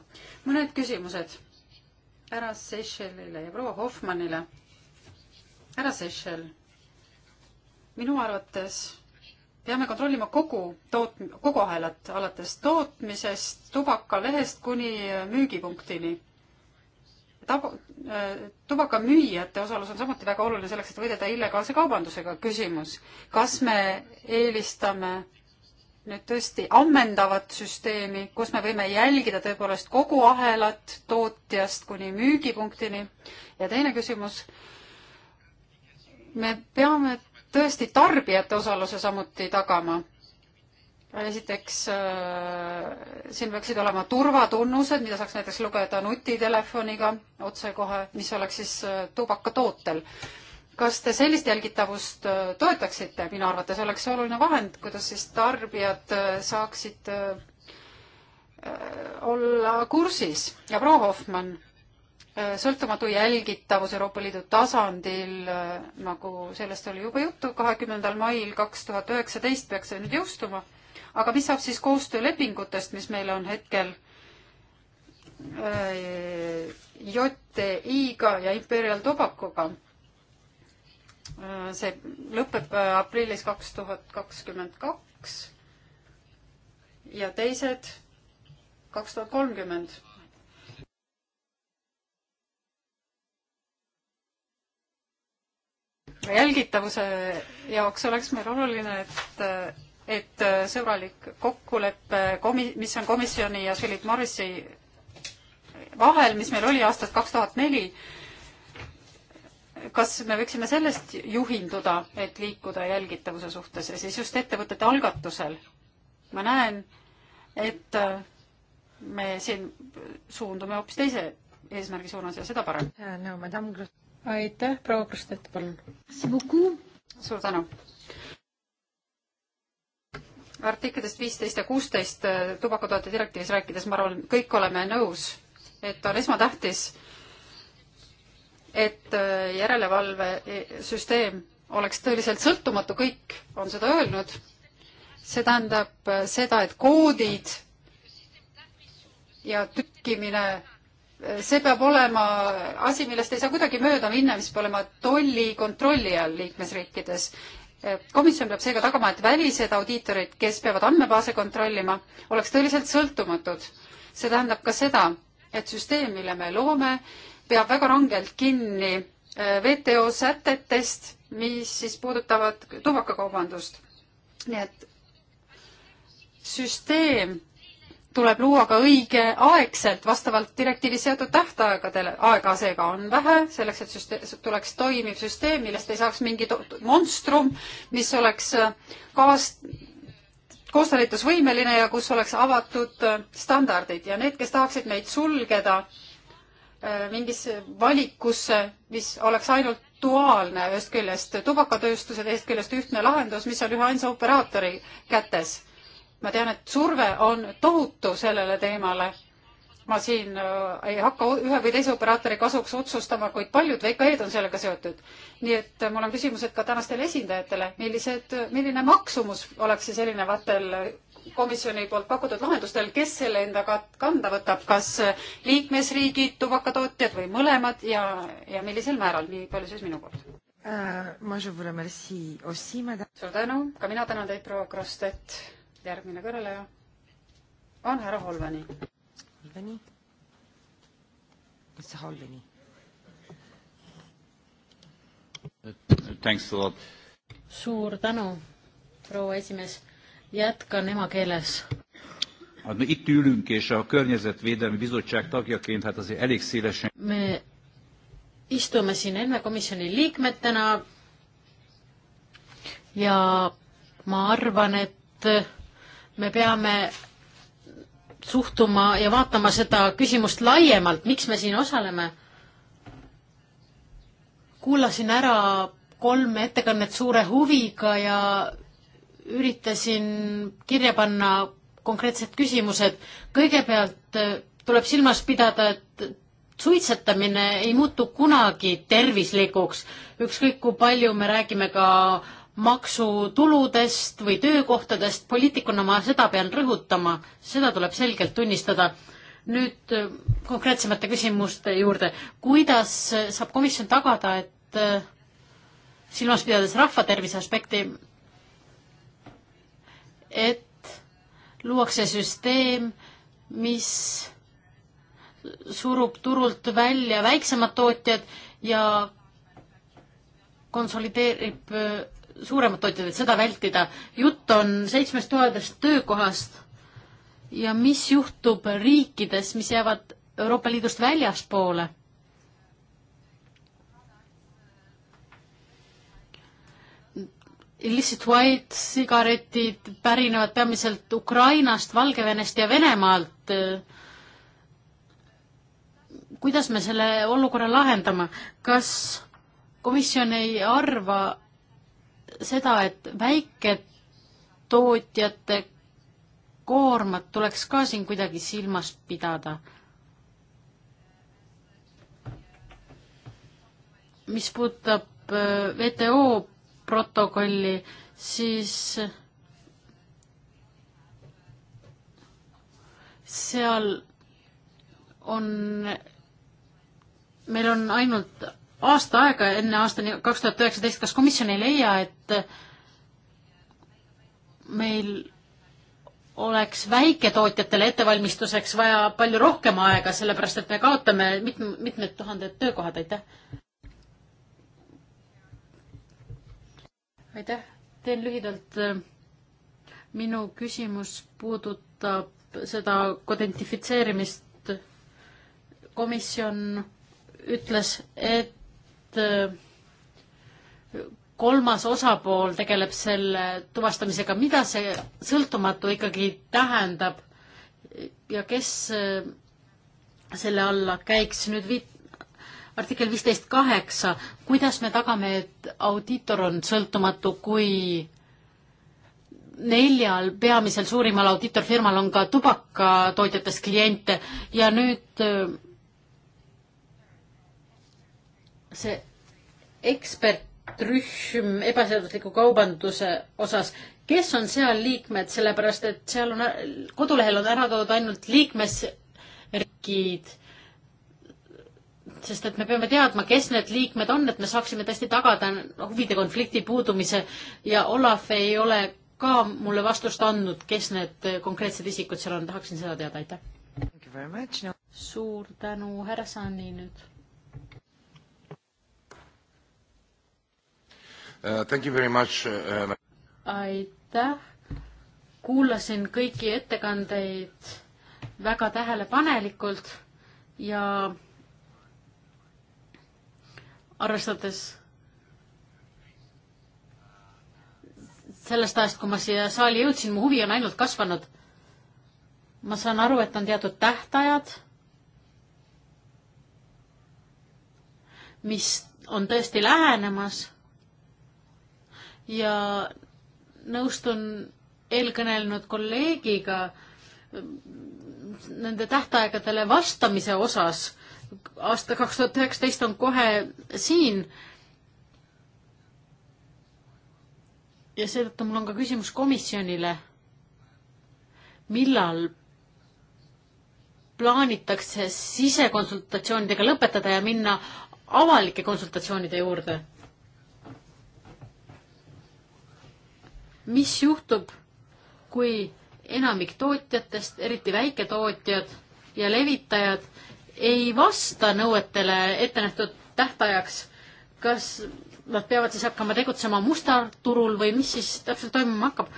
mõned küsimused härra Seychellile ja proua Hoffmannile. härra Seychell, minu arvates peame kontrollima kogu toot-, kogu ahelat, alates tootmisest, tubakalehest kuni müügipunktini. Tab-, tubakamüüjate osalus on samuti väga oluline selleks, et võidelda illegaalse kaubandusega. küsimus, kas me eelistame nüüd tõesti ammendavat süsteemi, kus me võime jälgida tõepoolest kogu ahelat tootjast kuni müügipunktini. ja teine küsimus, me peame tõesti tarbijate osaluse samuti tagama. esiteks äh, siin peaksid olema turvatunnused, mida saaks näiteks lugeda nutitelefoniga otsekohe, mis oleks siis äh, tubakatootel. kas te sellist jälgitavust äh, toetaksite? minu arvates oleks see oluline vahend, kuidas siis tarbijad saaksid olla kursis ja proua Hoffmann Äh, sõltumatu jälgitavus Euroopa Liidu tasandil, äh, nagu sellest oli juba juttu, kahekümnendal mail kaks tuhat üheksateist peaks see nüüd jõustuma. aga mis saab siis koostöölepingutest, mis meil on hetkel äh, JTI-ga ja Imperial Tobaccoga? see lõpeb aprillis kaks tuhat kakskümmend kaks ja teised kaks tuhat kolmkümmend jälgitavuse jaoks oleks meil oluline, et, et sõbralik kokkulepe komi-, mis on komisjoni ja Philip Morrisi vahel, mis meil oli aastast kaks tuhat neli, kas me võiksime sellest juhinduda, et liikuda jälgitavuse suhtes ja siis just ettevõtete algatusel ma näen, et me siin suundume hoopis teise eesmärgi suunas ja seda parem. no madam aitäh, proua Krustet, palun. suur tänu. artiklitest viisteist ja kuusteist äh, tubakatoodete direktiivis rääkides, ma arvan, kõik oleme nõus, et on esmatähtis, et äh, järelevalvesüsteem oleks tõeliselt sõltumatu, kõik on seda öelnud. see tähendab äh, seda, et koodid ja tükkimine see peab olema asi, millest ei saa kuidagi mööda minna, mis peab olema tollikontrolli all liikmesriikides. komisjon peab seega tagama, et välised audiitorid, kes peavad andmebaase kontrollima, oleks tõeliselt sõltumatud. see tähendab ka seda, et süsteem, mille me loome, peab väga rangelt kinni äh, WTO sätetest, mis siis puudutavad tubakakaubandust. nii et süsteem tuleb luua ka õigeaegselt vastavalt direktiivis seatud tähtaegadele. aega seega on vähe selleks, et süsteem, tuleks toimiv süsteem, millest ei saaks mingi monstrum, mis oleks äh, kaas-, koostalitusvõimeline ja kus oleks avatud äh, standardid ja need, kes tahaksid meid sulgeda äh, mingisse valikusse, mis oleks ainult duaalne ühest küljest tubakatööstus ja teisest küljest ühtne lahendus, mis on üheainsa operaatori kätes ma tean, et surve on tohutu sellele teemale. ma siin äh, ei hakka ühe või teise operaatori kasuks otsustama, kuid paljud VKE-d on sellega seotud. nii et äh, mul on küsimused ka tänastele esindajatele, millised, äh, milline maksumus oleks siis erinevatel komisjoni poolt pakutud lahendustel, kes selle enda kanda võtab, kas liikmesriigid, tubakatootjad või mõlemad ja, ja millisel määral, nii palju siis minu poolt uh,. suur tänu, ka mina tänan teid, proua Kross, et järgmine kõneleja on härra Holveni. Holveni? mis see Holveni? suur tänu, proua esimees. jätkan emakeeles. Itt ülünk, és a Környezetvédelmi Bizottság tagjaként, hát azért elég szélesen... Me istume siin enne komisjoni liikmetena ja ma arvan, et me peame suhtuma ja vaatama seda küsimust laiemalt, miks me siin osaleme. kuulasin ära kolm ettekannet suure huviga ja üritasin kirja panna konkreetsed küsimused. kõigepealt äh, tuleb silmas pidada, et suitsetamine ei muutu kunagi tervislikuks, ükskõik kui palju me räägime ka maksutuludest või töökohtadest, poliitikuna ma seda pean rõhutama, seda tuleb selgelt tunnistada. nüüd äh, konkreetsemate küsimuste juurde, kuidas äh, saab komisjon tagada, et äh, silmas pidades rahvatervise aspekti, et luuakse süsteem, mis surub turult välja väiksemad tootjad ja konsolideerib suuremad tootjad, et seda vältida. jutt on seitsmest tuhandest töökohast ja mis juhtub riikides, mis jäävad Euroopa Liidust väljaspoole? illicit white sigaretid pärinevad peamiselt Ukrainast, Valgevenest ja Venemaalt. kuidas me selle olukorra lahendame, kas komisjon ei arva, seda, et väiketootjate koormat tuleks ka siin kuidagi silmas pidada. mis puudutab äh, WTO protokolli, siis seal on, meil on ainult aasta aega enne aastani kaks tuhat üheksateist, kas komisjon ei leia, et meil oleks väiketootjatele ettevalmistuseks vaja palju rohkem aega, sellepärast et me kaotame mit-, mitmed tuhanded töökohad, aitäh. aitäh, teen lühidalt. minu küsimus puudutab seda identifitseerimist. komisjon ütles, et Äh, kolmas osapool tegeleb selle tuvastamisega, mida see sõltumatu ikkagi tähendab ja kes äh, selle alla käiks nüüd viit-, artikkel viisteist kaheksa, kuidas me tagame, et audiitor on sõltumatu, kui neljal peamisel suurimal audiitorfirmal on ka tubakatootjatest kliente ja nüüd äh, see ekspertrühm ebaseadusliku kaubanduse osas, kes on seal liikmed, sellepärast et seal on, kodulehel on ära toodud ainult liikmesriigid, sest et me peame teadma, kes need liikmed on, et me saaksime tõesti tagada huvide konflikti puudumise ja Olav ei ole ka mulle vastust andnud, kes need konkreetsed isikud seal on, tahaksin seda teada, aitäh. No. suur tänu, härra Sanni nüüd uh,. uh, uh aitäh, kuulasin kõiki ettekandeid väga tähelepanelikult ja arvestades sellest ajast, kui ma siia saali jõudsin, mu huvi on ainult kasvanud. ma saan aru, et on teatud tähtajad, mis on tõesti lähenemas ja nõustun eelkõnelenud kolleegiga mm, nende tähtaegadele vastamise osas. aasta kaks tuhat üheksateist on kohe siin. ja seetõttu mul on ka küsimus komisjonile. millal plaanitakse sisekonsultatsioonidega lõpetada ja minna avalike konsultatsioonide juurde? mis juhtub, kui enamik tootjatest, eriti väiketootjad ja levitajad, ei vasta nõuetele ette nähtud tähtajaks, kas nad peavad siis hakkama tegutsema mustal turul või mis siis täpselt toimuma hakkab?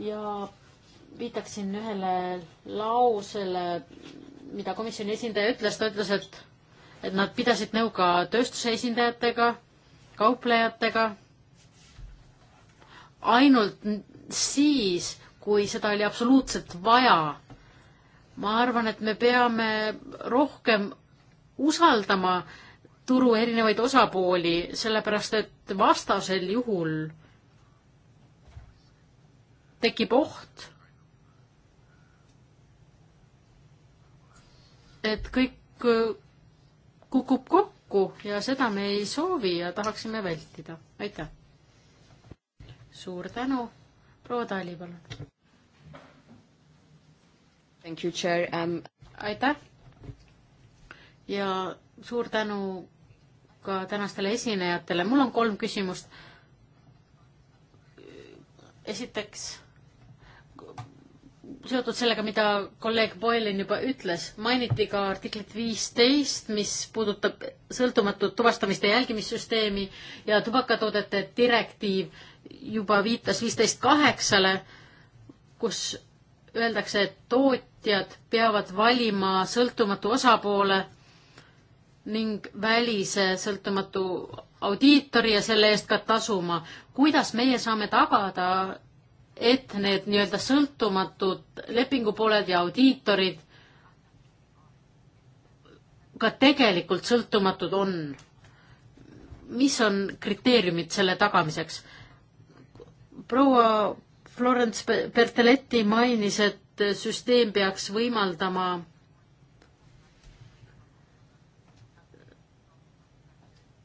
ja viitaksin ühele lausele, mida komisjoni esindaja ütles, ta ütles, et, et nad pidasid nõu ka tööstuse esindajatega, kauplejatega ainult siis, kui seda oli absoluutselt vaja. ma arvan, et me peame rohkem usaldama turu erinevaid osapooli, sellepärast et vastasel juhul tekib oht, et kõik äh, kukub kokku ja seda me ei soovi ja tahaksime vältida. aitäh! suur tänu, proua Tali, palun. Thank you, chair um.... aitäh ja suur tänu ka tänastele esinejatele. mul on kolm küsimust. esiteks seotud sellega, mida kolleeg Boylin juba ütles, mainiti ka artiklit viisteist, mis puudutab sõltumatut tuvastamist ja jälgimissüsteemi ja tubakatoodete direktiiv juba viitas viisteist kaheksale, kus öeldakse, et tootjad peavad valima sõltumatu osapoole ning välise sõltumatu audiitori ja selle eest ka tasuma. kuidas meie saame tagada, et need nii-öelda sõltumatud lepingupooled ja audiitorid ka tegelikult sõltumatud on? mis on kriteeriumid selle tagamiseks? proua Florence Berteletti mainis, et süsteem peaks võimaldama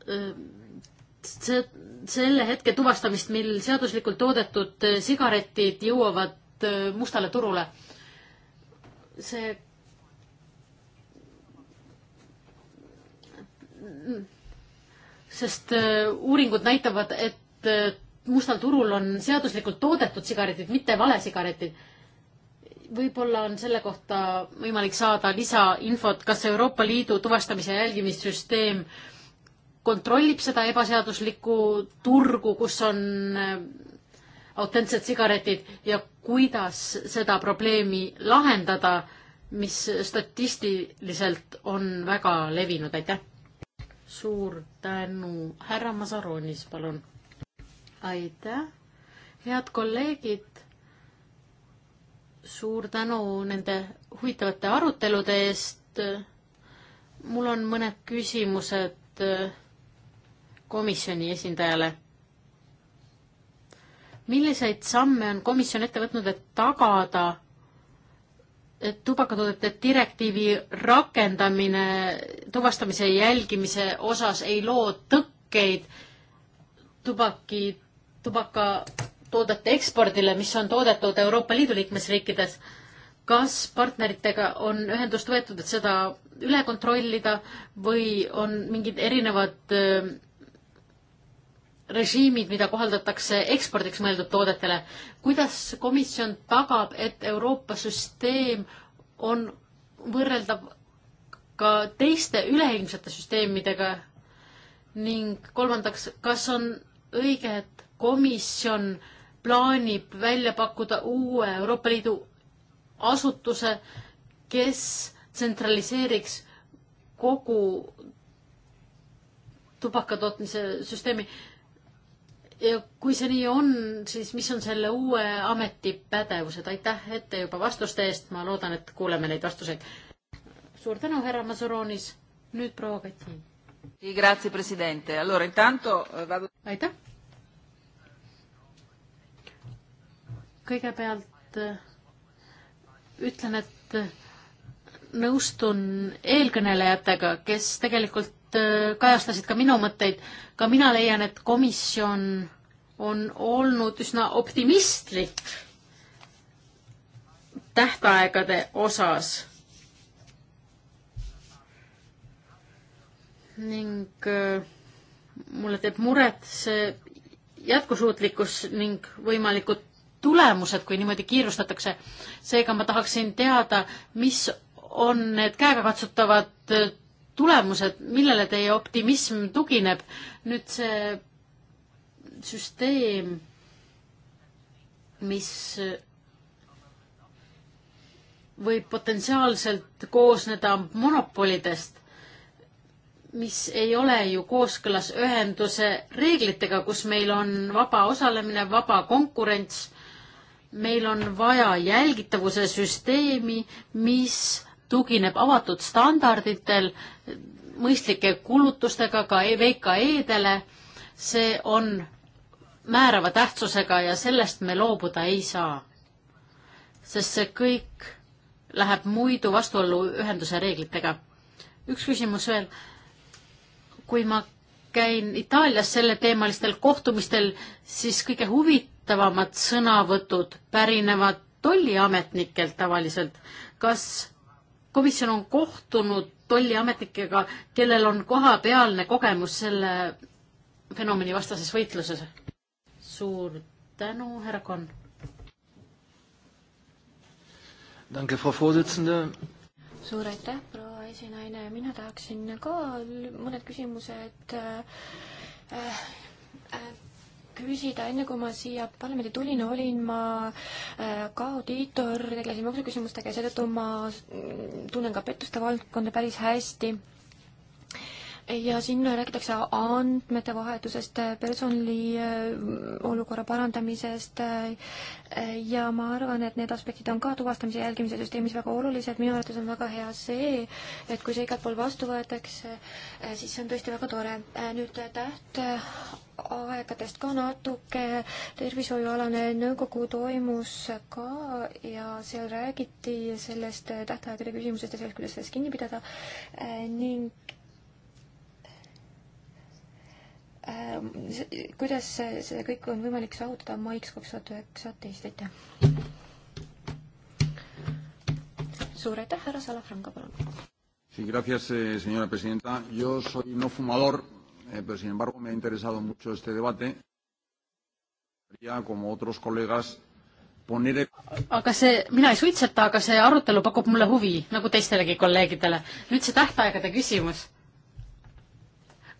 see, selle hetke tuvastamist, mil seaduslikult toodetud sigaretid jõuavad mustale turule. see sest äh, uuringud näitavad, et äh, mustal turul on seaduslikult toodetud sigaretid, mitte valesigaretid. võib-olla on selle kohta võimalik saada lisainfot, kas Euroopa Liidu tuvastamise jälgimissüsteem kontrollib seda ebaseaduslikku turgu, kus on äh, autentsed sigaretid ja kuidas seda probleemi lahendada, mis statistiliselt on väga levinud, aitäh! suur tänu, härra Masaronis, palun! aitäh, head kolleegid. suur tänu nende huvitavate arutelude eest. mul on mõned küsimused komisjoni esindajale. milliseid samme on komisjon ette võtnud, et tagada, et tubakatoodete direktiivi rakendamine tuvastamise jälgimise osas ei loo tõkkeid tubaki tubakatoodete ekspordile, mis on toodetud Euroopa Liidu liikmesriikides. kas partneritega on ühendust võetud, et seda üle kontrollida või on mingid erinevad äh, režiimid, mida kohaldatakse ekspordiks mõeldud toodetele. kuidas komisjon tagab, et Euroopa süsteem on võrreldav ka teiste üleilmsete süsteemidega ning kolmandaks, kas on õige, et komisjon plaanib välja pakkuda uue Euroopa Liidu asutuse, kes tsentraliseeriks kogu tubakatootmise süsteemi. ja kui see nii on, siis mis on selle uue ameti pädevused? aitäh ette juba vastuste eest, ma loodan, et kuuleme neid vastuseid. suur tänu, härra Masuronis. nüüd proua Kati. Eh, aitäh kõigepealt äh, ütlen, et äh, nõustun eelkõnelejatega, kes tegelikult äh, kajastasid ka minu mõtteid. ka mina leian, et komisjon on olnud üsna optimistlik tähtaegade osas. ning mulle teeb muret see jätkusuutlikkus ning võimalikud tulemused, kui niimoodi kiirustatakse. seega ma tahaksin teada, mis on need käegakatsutavad tulemused, millele teie optimism tugineb? nüüd see süsteem, mis võib potentsiaalselt koosneda monopolidest, mis ei ole ju kooskõlas ühenduse reeglitega, kus meil on vaba osalemine, vaba konkurents meil on vaja jälgitavuse süsteemi, mis tugineb avatud standarditel, mõistlike kulutustega ka e-, VKE-dele. see on määrava tähtsusega ja sellest me loobuda ei saa. sest see kõik läheb muidu vastuollu ühenduse reeglitega. üks küsimus veel. kui ma käin Itaalias selleteemalistel kohtumistel, siis kõige huvitavam huvitavamad sõnavõtud pärinevad tolliametnikelt tavaliselt. kas komisjon on kohtunud tolliametnikega, kellel on kohapealne kogemus selle fenomeni vastases võitluses? suur tänu, härra Kon. suur aitäh, proua esinaine, mina tahaksin ka mõned küsimused äh, äh, küsida, enne kui ma siia parlamendi tulin, olin ma äh, ka audiitor, tegelesin maksuküsimustega ja seetõttu ma mm, tunnen ka pettuste valdkonda päris hästi ja siin räägitakse andmete vahetusest, personali äh, olukorra parandamisest äh, ja ma arvan, et need aspektid on ka tuvastamise jälgimise süsteemis väga olulised, minu arvates on väga hea see, et kui see igal pool vastu võetakse, äh, siis see on tõesti väga tore. nüüd tähtaegadest ka natuke, tervishoiualane nõukogu toimus ka ja seal räägiti sellest tähtaegade küsimusest ja sellest, kuidas sellest kinni pidada ning Ehm, kuidas seda kõike on võimalik saavutada maiks kaks tuhat üheksateist, aitäh! suur aitäh, härra Salafranca, palun! Sí, gracias, eh, señora presidenta. Yo soy no fumador, eh, pero sin embargo me ha interesado mucho este debate. Como otros colegas, poner... aga see, mina ei suitseta, aga see arutelu pakub mulle huvi, nagu teistelegi kolleegidele. nüüd see tähtaegade küsimus.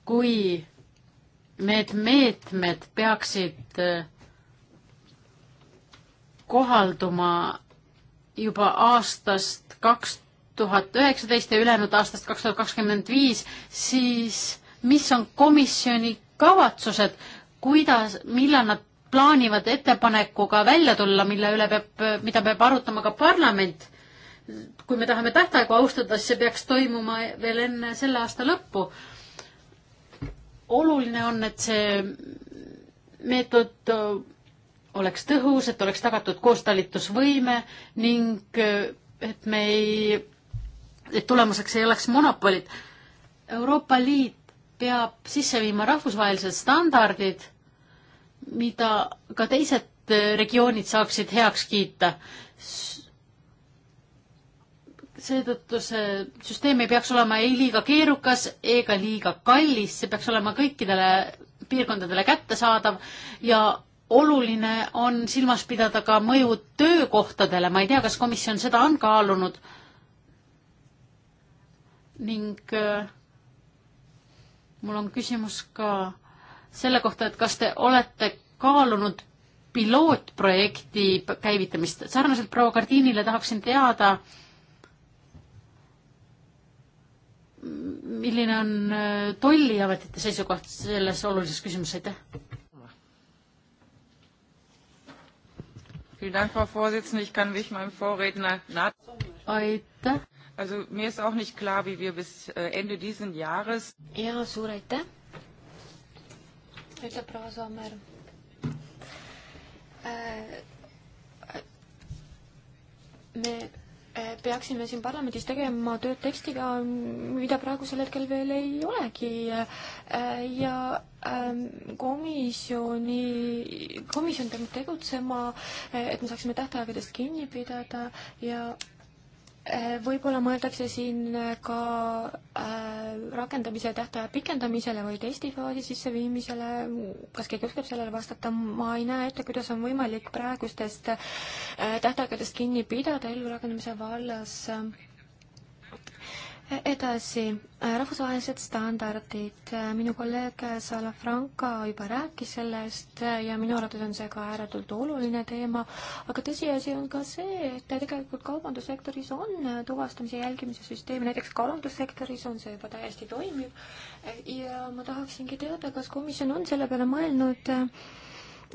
kui need meetmed peaksid äh, kohalduma juba aastast kaks tuhat üheksateist ja ülejäänud aastast kaks tuhat kakskümmend viis, siis mis on komisjoni kavatsused, kuidas, millal nad plaanivad ettepanekuga välja tulla, mille üle peab, mida peab arutama ka parlament. kui me tahame tähtaegu austada, siis see peaks toimuma veel enne selle aasta lõppu oluline on, et see meetod äh, oleks tõhus, et oleks tagatud koostalitusvõime ning äh, et me ei, et tulemuseks ei oleks monopolid. Euroopa Liit peab sisse viima rahvusvahelised standardid, mida ka teised äh, regioonid saaksid heaks kiita seetõttu see süsteem ei peaks olema ei liiga keerukas ega liiga kallis, see peaks olema kõikidele piirkondadele kättesaadav ja oluline on silmas pidada ka mõju töökohtadele, ma ei tea, kas komisjon seda on kaalunud. ning äh, mul on küsimus ka selle kohta, et kas te olete kaalunud pilootprojekti käivitamist, sarnaselt proua Kardiinile tahaksin teada, milline on äh, tolliametite seisukoht selles olulises küsimuses, aitäh? Vielen Dank, Frau Vorsitzende. Ich kann mich meinem Vorredner Aitäh. Also mir ist auch nicht klar, wie wir bis äh, Ende diesen Jahres. Ja, suur aitäh. ütleb proua Soomer äh, äh,. me peaksime siin parlamendis tegema tööd tekstiga, mida praegusel hetkel veel ei olegi ja ähm, komisjoni, komisjon peab tegutsema, et me saaksime tähtaegadest kinni pidada ja Äh, võib-olla mõeldakse siin äh, ka äh, rakendamise tähtaja pikendamisele või testifaasi sisseviimisele, kas keegi oskab sellele vastata, ma ei näe ette, kuidas on võimalik praegustest tähtaegadest kinni pidada ellurakendamise vallas edasi, äh, rahvusvahelised standardid, äh, minu kolleeg Salafranca juba rääkis sellest äh, ja minu arvates on see ka ääretult oluline teema, aga tõsiasi on ka see, et tegelikult kaubandussektoris on tuvastamise jälgimise süsteem, näiteks kalandussektoris on see juba täiesti toimiv ja ma tahaksingi teada, kas komisjon on selle peale mõelnud,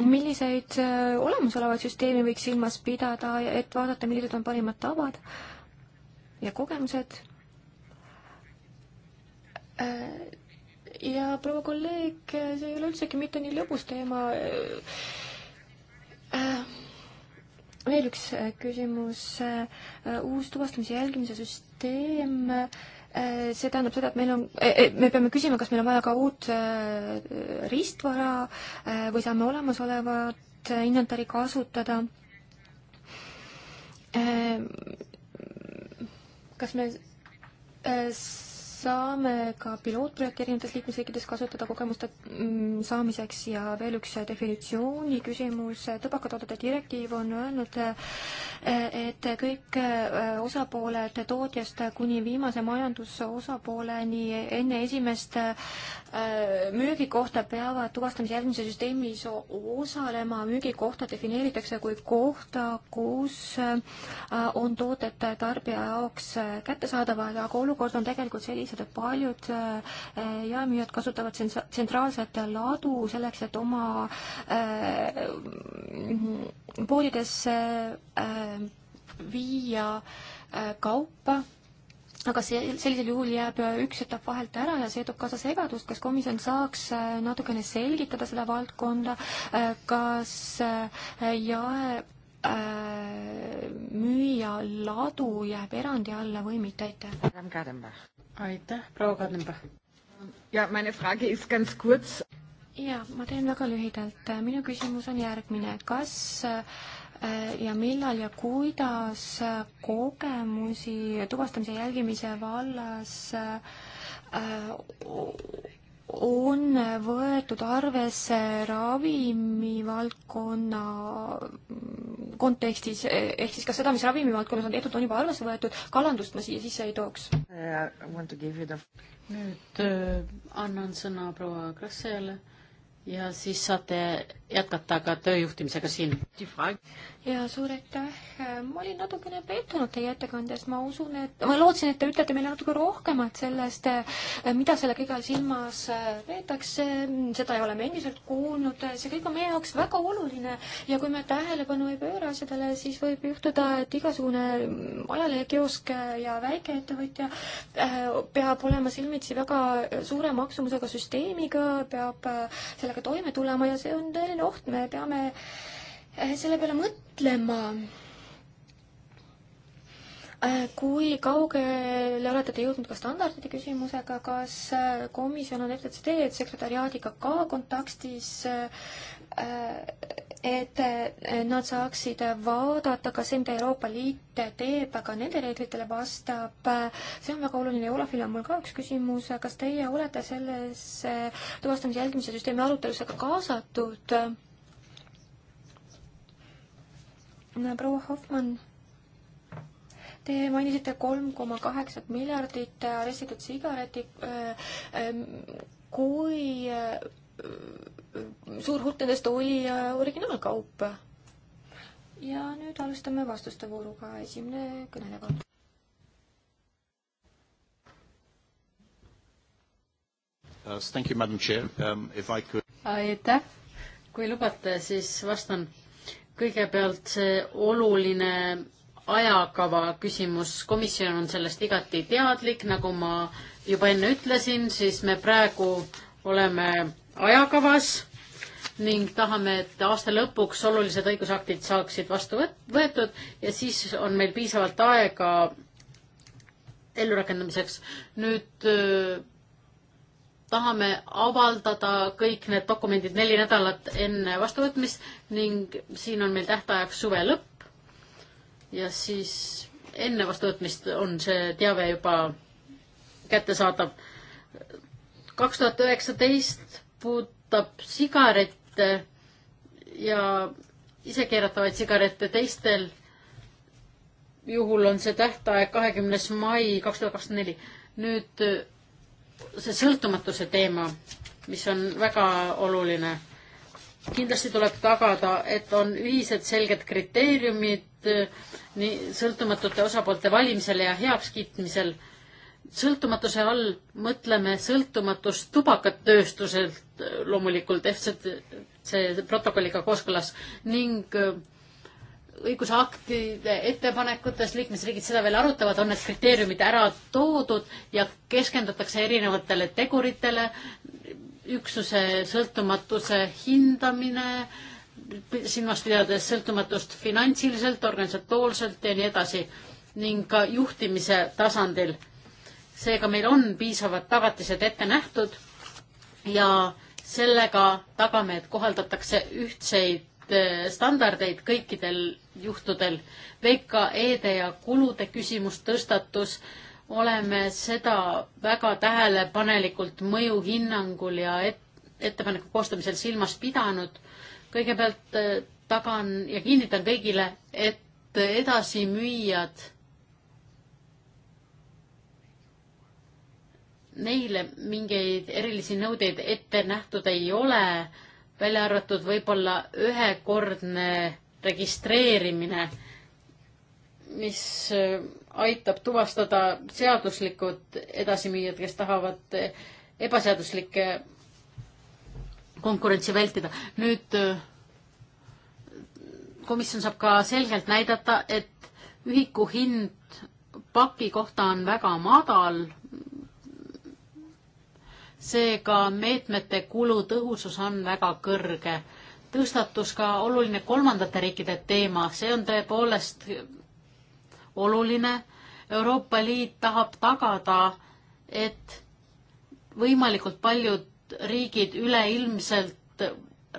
milliseid olemasolevaid süsteeme võiks silmas pidada, et vaadata, millised on parimad tavad ja kogemused Äh, ja proua kolleeg, see ei ole üldsegi mitte nii lõbus teema. Äh, veel üks äh, küsimus, uus tuvastamise jälgimise süsteem see tähendab seda, et meil on, me peame küsima, kas meil on vaja ka uut riistvara või saame olemasolevat inventari kasutada. kas me saame ka pilootprojekte erinevates liikmesriikides kasutada kogemuste mm, saamiseks ja veel üks definitsiooni küsimus. tubakatoodete direktiiv on öelnud, et kõik äh, osapooled tootjast kuni viimase majandusosapooleni enne esimest äh, müügikohta peavad tuvastamise järgmise süsteemis osalema. müügikohta defineeritakse kui kohta, kus äh, on tooted tarbija jaoks kättesaadavad, aga olukord on tegelikult sellise seda paljud äh, jaemüüjad kasutavad tsentraalset ladu selleks, et oma äh, poodidesse äh, viia kaupa aga see, sellisel juhul jääb üks etapp vahelt ära ja see toob kaasa segadust, kas komisjon saaks natukene selgitada seda valdkonda, kas jae müüja ladu jääb erandi alla või mitte, aitäh aitäh, proua Kadamba. ja, meine Frage ist ganz kurz. ja, ma teen väga lühidalt. minu küsimus on järgmine. kas äh, ja millal ja kuidas kogemusi tuvastamise jälgimise vallas äh, on võetud arvesse ravimivaldkonna kontekstis, ehk siis kas seda, mis ravimivaldkonnas on tehtud, on juba arvesse võetud, kalandust ma siia sisse ei tooks. Uh, the... nüüd äh, annan sõna proua Krasele ja siis saate jätkata ka tööjuhtimisega siin ja suur aitäh, ma olin natukene pettunud teie ettekandest, ma usun, et ma lootsin, et te ütlete meile natuke rohkemat sellest, mida selle kõige all silmas peetakse, seda ei ole me endiselt kuulnud, see kõik on meie jaoks väga oluline ja kui me tähelepanu ei pööra asjadele, siis võib juhtuda, et igasugune ajalehekiosk ja väikeettevõtja äh, peab olema silmitsi väga suure maksumusega süsteemiga, peab äh, sellega toime tulema ja see on tõeline oht, me peame Äh, selle peale mõtlema. Äh, kui kaugele olete te jõudnud ka standardite küsimusega, kas äh, komisjon on FTCD sekretäriaadiga ka kontaktis, et nad saaksid vaadata, kas see, mida Euroopa Liit teeb, aga nende reeglitele vastab, see on väga oluline. Olafil on mul ka üks küsimus, kas teie olete selles tuvastamise jälgimise süsteemi arutelusse ka kaasatud? proua Hoffmann, te mainisite kolm koma kaheksat miljardit arestitud sigareti. Äh, äh, kui äh, suur hulk nendest oli originaalkaup? ja nüüd alustame vastuste vooruga. esimene kõneleja, palun. Thank you, madam chair um,. If I could. aitäh, kui lubate, siis vastan kõigepealt see oluline ajakava küsimus, komisjon on sellest igati teadlik, nagu ma juba enne ütlesin, siis me praegu oleme ajakavas ning tahame, et aasta lõpuks olulised õigusaktid saaksid vastu võetud ja siis on meil piisavalt aega ellurakendamiseks. nüüd tahame avaldada kõik need dokumendid neli nädalat enne vastuvõtmist ning siin on meil tähtajaks suve lõpp ja siis enne vastuvõtmist on see teave juba kättesaadav. kaks tuhat üheksateist puudutab sigarette ja isekeeratavaid sigarette teistel juhul on see tähtaeg kahekümnes mai kaks tuhat kakskümmend neli. nüüd see sõltumatuse teema, mis on väga oluline. kindlasti tuleb tagada, et on ühised selged kriteeriumid nii sõltumatute osapoolte valimisel ja heakskiitmisel. sõltumatuse all mõtleme sõltumatust tubakatööstuselt loomulikult FCC protokolliga kooskõlas ning õigusaktide ettepanekutes, liikmesriigid seda veel arutavad, on need kriteeriumid ära toodud ja keskendutakse erinevatele teguritele, üksuse sõltumatuse hindamine, silmas pidades sõltumatust finantsiliselt, organisatoorselt ja nii edasi ning ka juhtimise tasandil. seega meil on piisavad tagatised ette nähtud ja sellega tagame, et kohaldatakse ühtseid Eh, standardeid kõikidel juhtudel. VKE-de ja kulude küsimus tõstatus, oleme seda väga tähelepanelikult mõjuhinnangul ja et, ettepaneku koostamisel silmas pidanud. kõigepealt eh, tagan ja kinnitan kõigile, et edasimüüjad neile mingeid erilisi nõudeid ette nähtud ei ole välja arvatud võib-olla ühekordne registreerimine, mis äh, aitab tuvastada seaduslikud edasimüüjad, kes tahavad äh, ebaseaduslikke konkurentsi vältida. nüüd äh, komisjon saab ka selgelt näidata, et ühiku hind paki kohta on väga madal seega meetmete kulutõhusus on väga kõrge. tõstatus ka oluline kolmandate riikide teema, see on tõepoolest oluline. Euroopa Liit tahab tagada, et võimalikult paljud riigid üleilmselt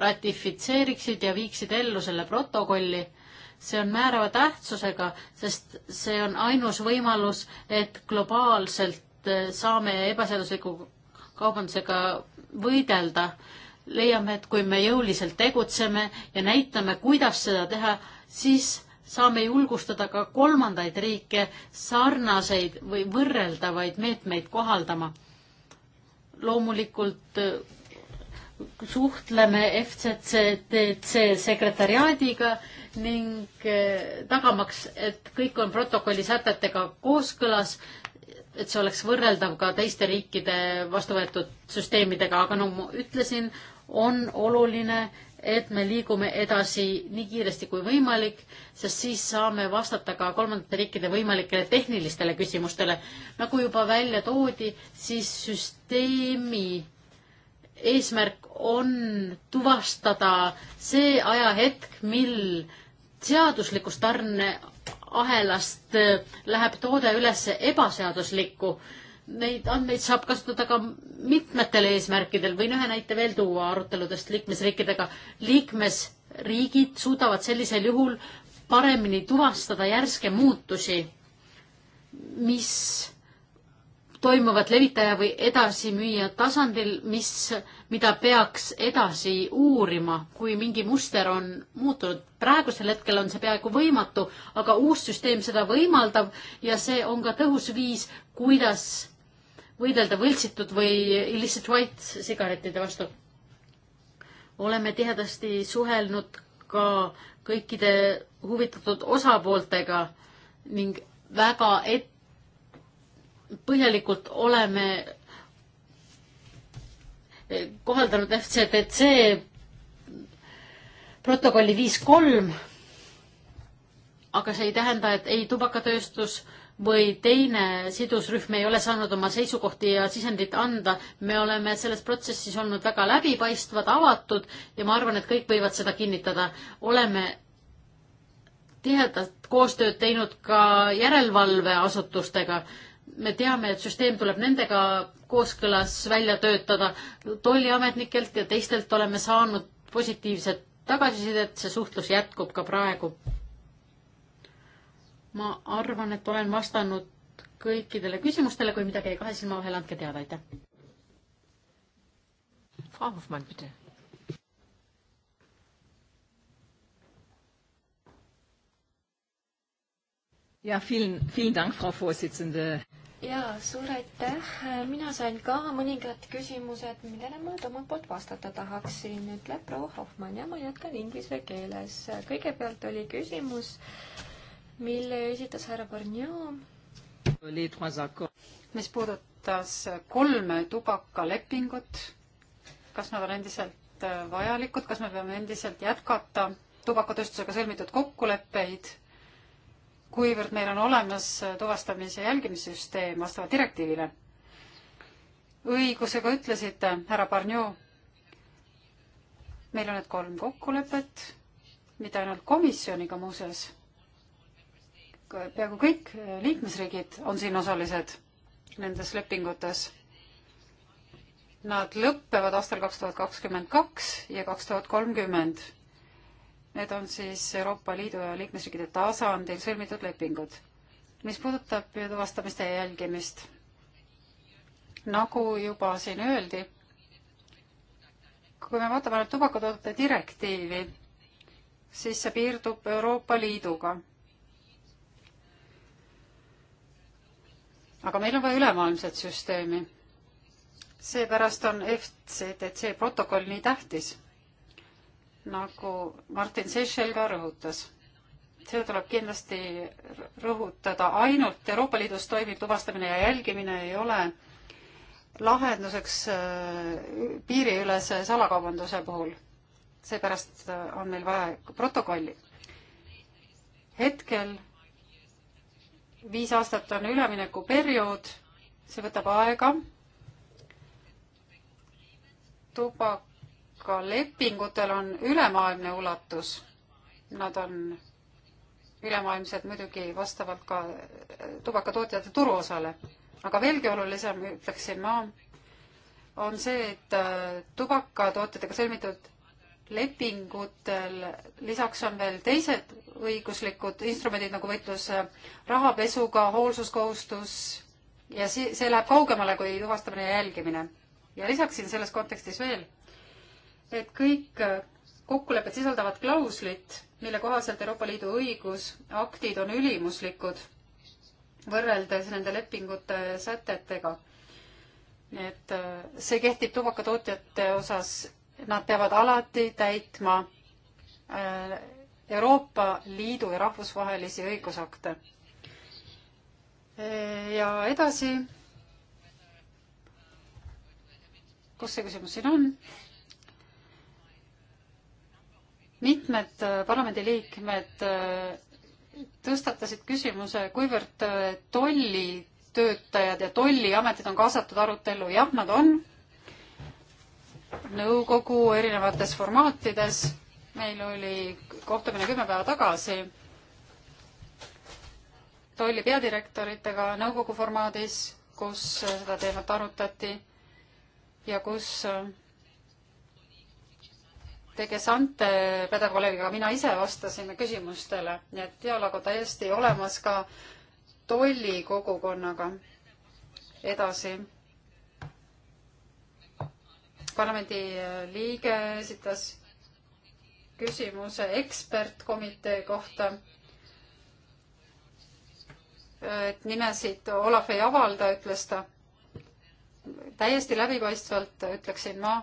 ratifitseeriksid ja viiksid ellu selle protokolli. see on määrava tähtsusega, sest see on ainus võimalus, et globaalselt saame ebaseadusliku kaubandusega võidelda, leiame, et kui me jõuliselt tegutseme ja näitame, kuidas seda teha, siis saame julgustada ka kolmandaid riike sarnaseid või võrreldavaid meetmeid kohaldama. loomulikult äh, suhtleme FCCTC sekretariaadiga ning äh, tagamaks, et kõik on protokolli sätetega kooskõlas, et see oleks võrreldav ka teiste riikide vastu võetud süsteemidega, aga nagu no, ma ütlesin, on oluline, et me liigume edasi nii kiiresti kui võimalik, sest siis saame vastata ka kolmandate riikide võimalikele tehnilistele küsimustele. nagu juba välja toodi, siis süsteemi eesmärk on tuvastada see ajahetk, mil seaduslikus tarne ahelast äh, läheb toode üles ebaseaduslikku. Neid andmeid saab kasutada ka mitmetel eesmärkidel, võin ühe näite veel tuua aruteludest liikmesriikidega. liikmesriigid suudavad sellisel juhul paremini tuvastada järske muutusi, mis toimuvad levitaja või edasimüüja tasandil, mis, mida peaks edasi uurima, kui mingi muster on muutunud. praegusel hetkel on see peaaegu võimatu, aga uus süsteem seda võimaldab ja see on ka tõhus viis, kuidas võidelda võltsitud või illicit white sigarettide vastu. oleme tihedasti suhelnud ka kõikide huvitatud osapooltega ning väga et-, põhjalikult oleme kohaldanud FCTC protokolli viis kolm, aga see ei tähenda, et ei tubakatööstus või teine sidusrühm ei ole saanud oma seisukohti ja sisendit anda. me oleme selles protsessis olnud väga läbipaistvad, avatud ja ma arvan, et kõik võivad seda kinnitada. oleme tihedat koostööd teinud ka järelevalveasutustega me teame, et süsteem tuleb nendega kooskõlas välja töötada. tolliametnikelt ja teistelt oleme saanud positiivset tagasisidet, see suhtlus jätkub ka praegu. ma arvan, et olen vastanud kõikidele küsimustele, kui midagi jäi kahe silma vahele, andke teada, aitäh. Frau Hoffmann, bitte. Ja, vielen, vielen Dank, Frau Vorsitzende jaa, suur aitäh. mina sain ka mõningad küsimused, millele ma omalt poolt vastata tahaksin, ütleb proua Hoffmann ja ma jätkan inglise keeles. kõigepealt oli küsimus, mille esitas härra Barnio. mis puudutas kolme tubakalepingut, kas nad on endiselt vajalikud, kas me peame endiselt jätkata tubakatööstusega sõlmitud kokkuleppeid kuivõrd meil on olemas tuvastamise jälgimissüsteem vastava direktiivile. õigusega ütlesite, härra Barnjou, meil on need kolm kokkulepet, mitte ainult komisjoniga muuseas, peaaegu kõik liikmesriigid on siin osalised nendes lepingutes. Nad lõppevad aastal kaks tuhat kakskümmend kaks ja kaks tuhat kolmkümmend Need on siis Euroopa Liidu ja liikmesriikide tasandil sõlmitud lepingud. mis puudutab tuvastamiste jälgimist, nagu juba siin öeldi, kui me vaatame nüüd tubakatoodete direktiivi, siis see piirdub Euroopa Liiduga. aga meil on vaja ülemaailmset süsteemi. seepärast on FCTC protokoll nii tähtis nagu Martin Seychell ka rõhutas. seda tuleb kindlasti rõhutada, ainult Euroopa Liidus toimiv tuvastamine ja jälgimine ei ole lahenduseks äh, piiriülese salakaubanduse puhul. seepärast äh, on meil vaja protokolli. hetkel viis aastat on üleminekuperiood, see võtab aega. tubak ka lepingutel on ülemaailmne ulatus. Nad on ülemaailmsed muidugi vastavalt ka äh, tubakatootjate turuosale. aga veelgi olulisem, ütleksin ma, on see, et äh, tubakatootjatega sõlmitud lepingutel lisaks on veel teised õiguslikud instrumendid nagu võitlus äh, rahapesuga, hoolsuskohustus ja see, see läheb kaugemale kui tuvastamine ja jälgimine. ja lisaksin selles kontekstis veel et kõik kokkulepped sisaldavad klauslit, mille kohaselt Euroopa Liidu õigusaktid on ülimuslikud võrreldes nende lepingute sätetega. et äh, see kehtib tubakatootjate osas, nad peavad alati täitma äh, Euroopa Liidu ja rahvusvahelisi õigusakte. Äh, ja edasi, kus see küsimus siin on? mitmed äh, parlamendiliikmed äh, tõstatasid küsimuse, kuivõrd äh, tollitöötajad ja tolliametid on kaasatud arutellu, jah, nad on nõukogu erinevates formaatides. meil oli kohtumine kümme päeva tagasi tolli peadirektoritega nõukogu formaadis, kus seda teemat arutati ja kus te, kes ante pädeva kolleegiga, mina ise vastasime küsimustele, nii et dialoog on täiesti olemas ka tollikogukonnaga. edasi. parlamendi liige esitas küsimuse ekspertkomitee kohta. et nimesid Olav ei avalda, ütles ta. täiesti läbipaistvalt ütleksin ma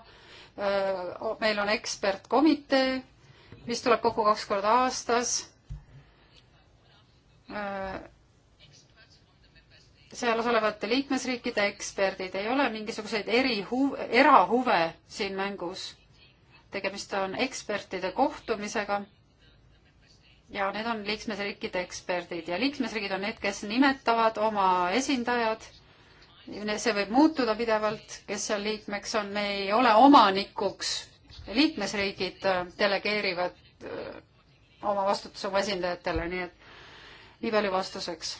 meil on ekspertkomitee, mis tuleb kokku kaks korda aastas. seal osalevate liikmesriikide eksperdid, ei ole mingisuguseid erihuve, erahuve siin mängus. tegemist on ekspertide kohtumisega ja need on liikmesriikide eksperdid ja liikmesriigid on need, kes nimetavad oma esindajad see võib muutuda pidevalt, kes seal liikmeks on, me ei ole omanikuks, liikmesriigid äh, delegeerivad äh, oma vastutuse oma esindajatele, nii et nii palju vastuseks.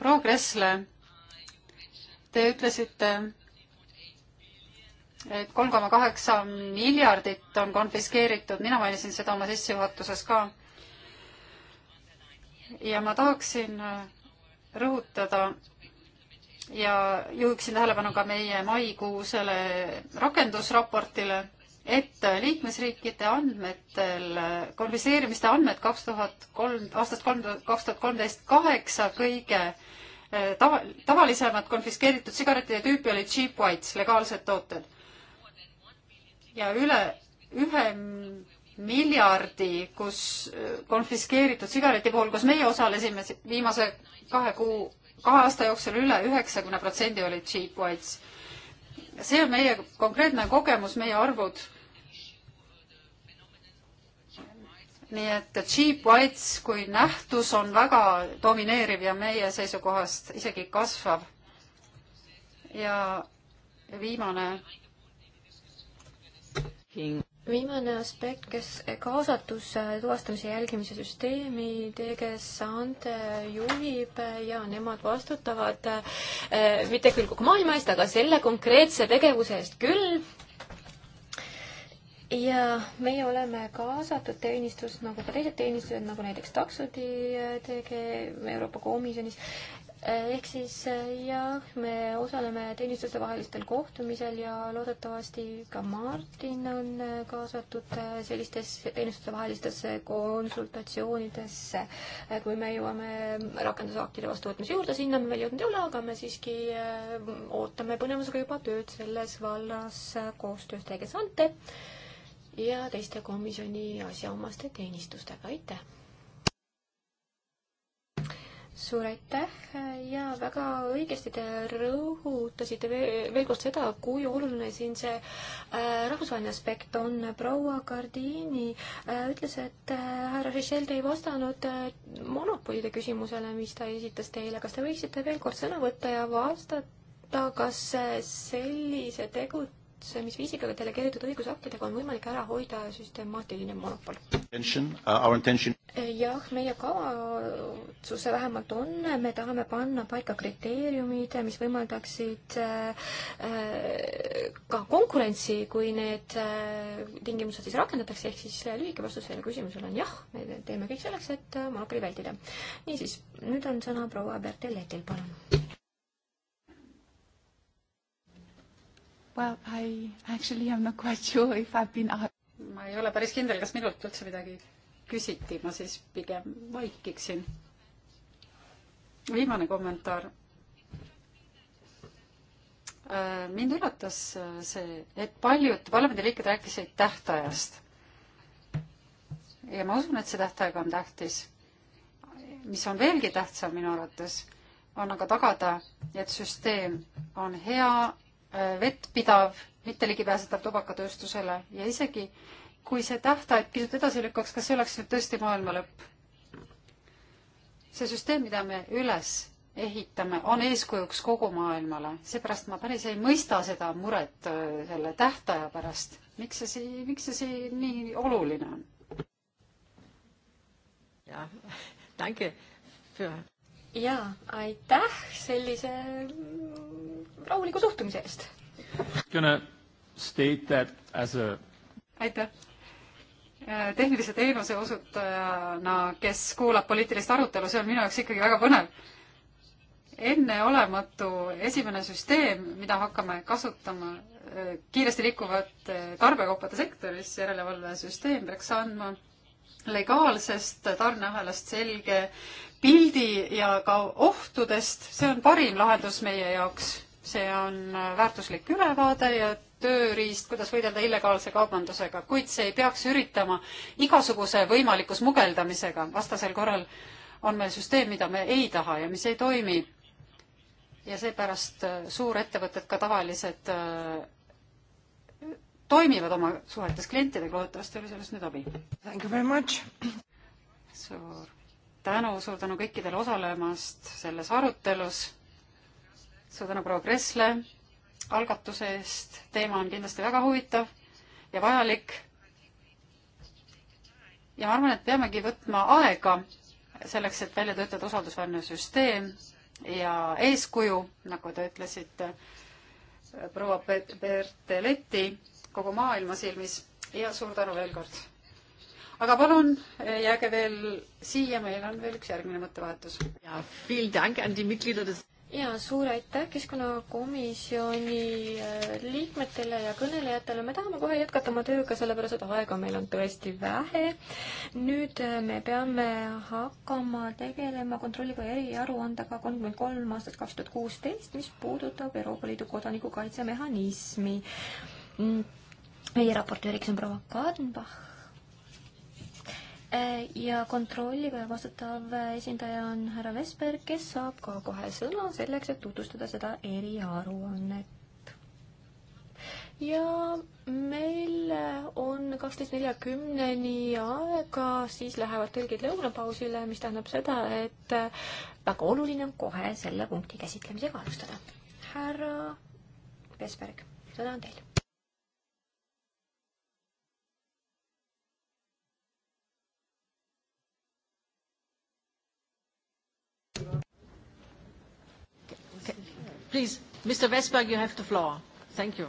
proua Kressle, te ütlesite, et kolm koma kaheksa miljardit on konfiskeeritud, mina mainisin seda oma sissejuhatuses ka. ja ma tahaksin äh, rõhutada ja juhiksin tähelepanu ka meie maikuusele rakendusraportile, et liikmesriikide andmetel, konfiseerimiste andmed kaks tuhat kolm, aastast kolm, kaks tuhat kolmteist kaheksa kõige eh, tava, tavalisemad konfiskeeritud sigarettide tüüpi olid cheap whites, legaalsed tooted. ja üle ühe miljardi, kus konfiskeeritud sigareti puhul, kus meie osalesime viimase kahe kuu, kahe aasta jooksul üle üheksakümne protsendi olid cheap whites. see on meie konkreetne kogemus, meie arvud. nii et cheap whites kui nähtus on väga domineeriv ja meie seisukohast isegi kasvav. ja viimane. King viimane aspekt, kes kaasatus äh, tuvastamise jälgimise süsteemi teges Ante juhib äh, ja nemad vastutavad eh, mitte küll kogu maailma eest, aga selle konkreetse tegevuse eest küll. ja meie oleme kaasatud teenistus nagu ka teised teenistused, nagu näiteks taksodi tege Euroopa Komisjonis ehk siis äh, jah, me osaleme teenistustevahelistel kohtumisel ja loodetavasti ka Martin on äh, kaasatud äh, sellistes teenistustevahelistesse konsultatsioonidesse. kui me jõuame rakendusaktide vastuvõtmise juurde, sinna me veel jõudnud ei ole, aga me siiski ootame põnevusega juba tööd selles vallas koostöös Tegesante ja teiste komisjoni asjaomaste teenistustega. aitäh! suur aitäh ja väga õigesti te rõhutasite veel kord seda, kui oluline siin see äh, rahvusvaheline aspekt on. proua Gardini äh, ütles, et äh, härra Fischel, te ei vastanud monopolide küsimusele, mis ta esitas teile. kas te võiksite veel kord sõna võtta ja vastata, kas sellise tegu-, see, mis viisiga delegeeritud õigusaktidega on võimalik ära hoida süstemaatiline monopol. Uh, jah, meie kavatsus see vähemalt on, me tahame panna paika kriteeriumid, mis võimaldaksid äh, ka konkurentsi, kui need äh, tingimused siis rakendatakse, ehk siis äh, lühike vastus sellele küsimusele on jah, me teeme kõik selleks, et monopoli vältida. niisiis, nüüd on sõna proua Bertelletil, palun Well, I actually am not quite sure if I have been ma ei ole päris kindel, kas minult üldse midagi küsiti, ma siis pigem vaikiksin. viimane kommentaar. Äh, mind üllatas äh, see, et paljud parlamendiliikmed rääkisid tähtajast. ja ma usun, et see tähtaeg on tähtis. mis on veelgi tähtsam minu arvates, on aga tagada, et süsteem on hea Äh, vettpidav, mitte ligipääsetav tubakatööstusele ja isegi kui see tähtaeg pisut edasi lükkaks, kas see oleks nüüd tõesti maailma lõpp? see süsteem, mida me üles ehitame, on eeskujuks kogu maailmale, seepärast ma päris ei mõista seda muret äh, selle tähtaja pärast. miks see sii-, miks see sii- nii oluline on? jah, tänke. jaa, aitäh sellise rahuliku suhtumise eest. A... aitäh äh, tehnilise teenuse osutajana, kes kuulab poliitilist arutelu, see on minu jaoks ikkagi väga põnev. enneolematu esimene süsteem, mida hakkame kasutama äh, kiiresti liikuvat äh, tarbekaupade sektoris, järelevalvesüsteem peaks andma legaalsest tarneahelast selge pildi ja ka ohtudest, see on parim lahendus meie jaoks see on äh, väärtuslik ülevaade ja tööriist, kuidas võidelda illegaalse kaubandusega, kuid see ei peaks üritama igasuguse võimaliku smugeldamisega, vastasel korral on meil süsteem, mida me ei taha ja mis ei toimi. ja seepärast äh, suurettevõtted ka tavaliselt äh, toimivad oma suhetes klientidega, loodetavasti oli sellest nüüd abi. suur tänu, suur tänu kõikidele osalemast selles arutelus suur tänu proua Kressle algatuse eest, teema on kindlasti väga huvitav ja vajalik. ja ma arvan, et peamegi võtma aega selleks, et välja töötada usaldusväärne süsteem ja eeskuju, nagu te ütlesite, proua Berteletti kogu maailma silmis ja suur tänu veel kord. aga palun jääge veel siia, meil on veel üks järgmine mõttevahetus. ja, ja suur aitäh keskkonnakomisjoni äh, liikmetele ja kõnelejatele. me tahame kohe jätkata oma tööga, sellepärast et aega meil on tõesti vähe. nüüd äh, me peame hakkama tegelema kontrolliga eriaruandega kolmkümmend kolm aastast kaks tuhat kuusteist, mis puudutab Euroopa Liidu kodanikukaitsemehhanismi. Mm, meie raportööriks on proua Kadenbach Eh, ja kontrolliga vastutav esindaja on härra Vesper, kes saab ka kohe sõna selleks, et tutvustada seda eriaruannet. ja meil on kaksteist neljakümneni aega, siis lähevad tõlgid lõunapausile, mis tähendab seda, et väga oluline on kohe selle punkti käsitlemisega alustada. härra Vesberg, sõna on teil Please, Mr. Vestberg, you have the floor. Thank you.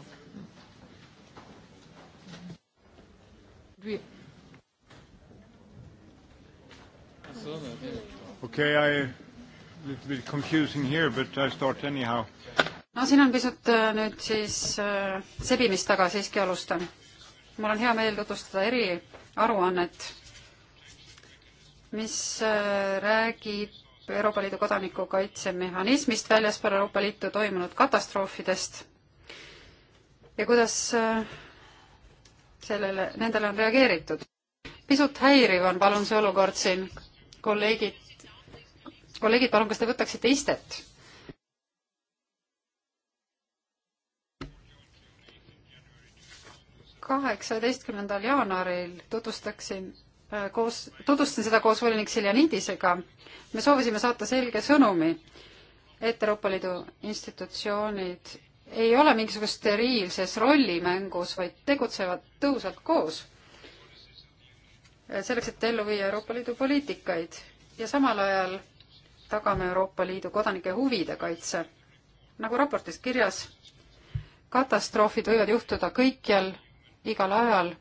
Okay, I little bit confusing here, but I start anyhow. no siin on pisut äh, nüüd siis äh, sebimist, aga siiski alustan. mul on hea meel tutvustada eriaruannet, mis äh, räägib Euroopa Liidu kodaniku kaitsemehhanismist väljaspool Euroopa Liitu toimunud katastroofidest ja kuidas äh, sellele, nendele on reageeritud. pisut häiriv on palun see olukord siin, kolleegid, kolleegid, palun, kas te võtaksite istet? kaheksateistkümnendal jaanuaril tutvustaksin Äh, koos, tutvustasin seda koos volinik Siljanidisega. me soovisime saata selge sõnumi, et Euroopa Liidu institutsioonid ei ole mingisuguses steriilses rollimängus, vaid tegutsevad tõhusalt koos. Äh, selleks, et ellu viia Euroopa Liidu poliitikaid ja samal ajal tagame Euroopa Liidu kodanike huvide kaitse. nagu raportis kirjas, katastroofid võivad juhtuda kõikjal, igal ajal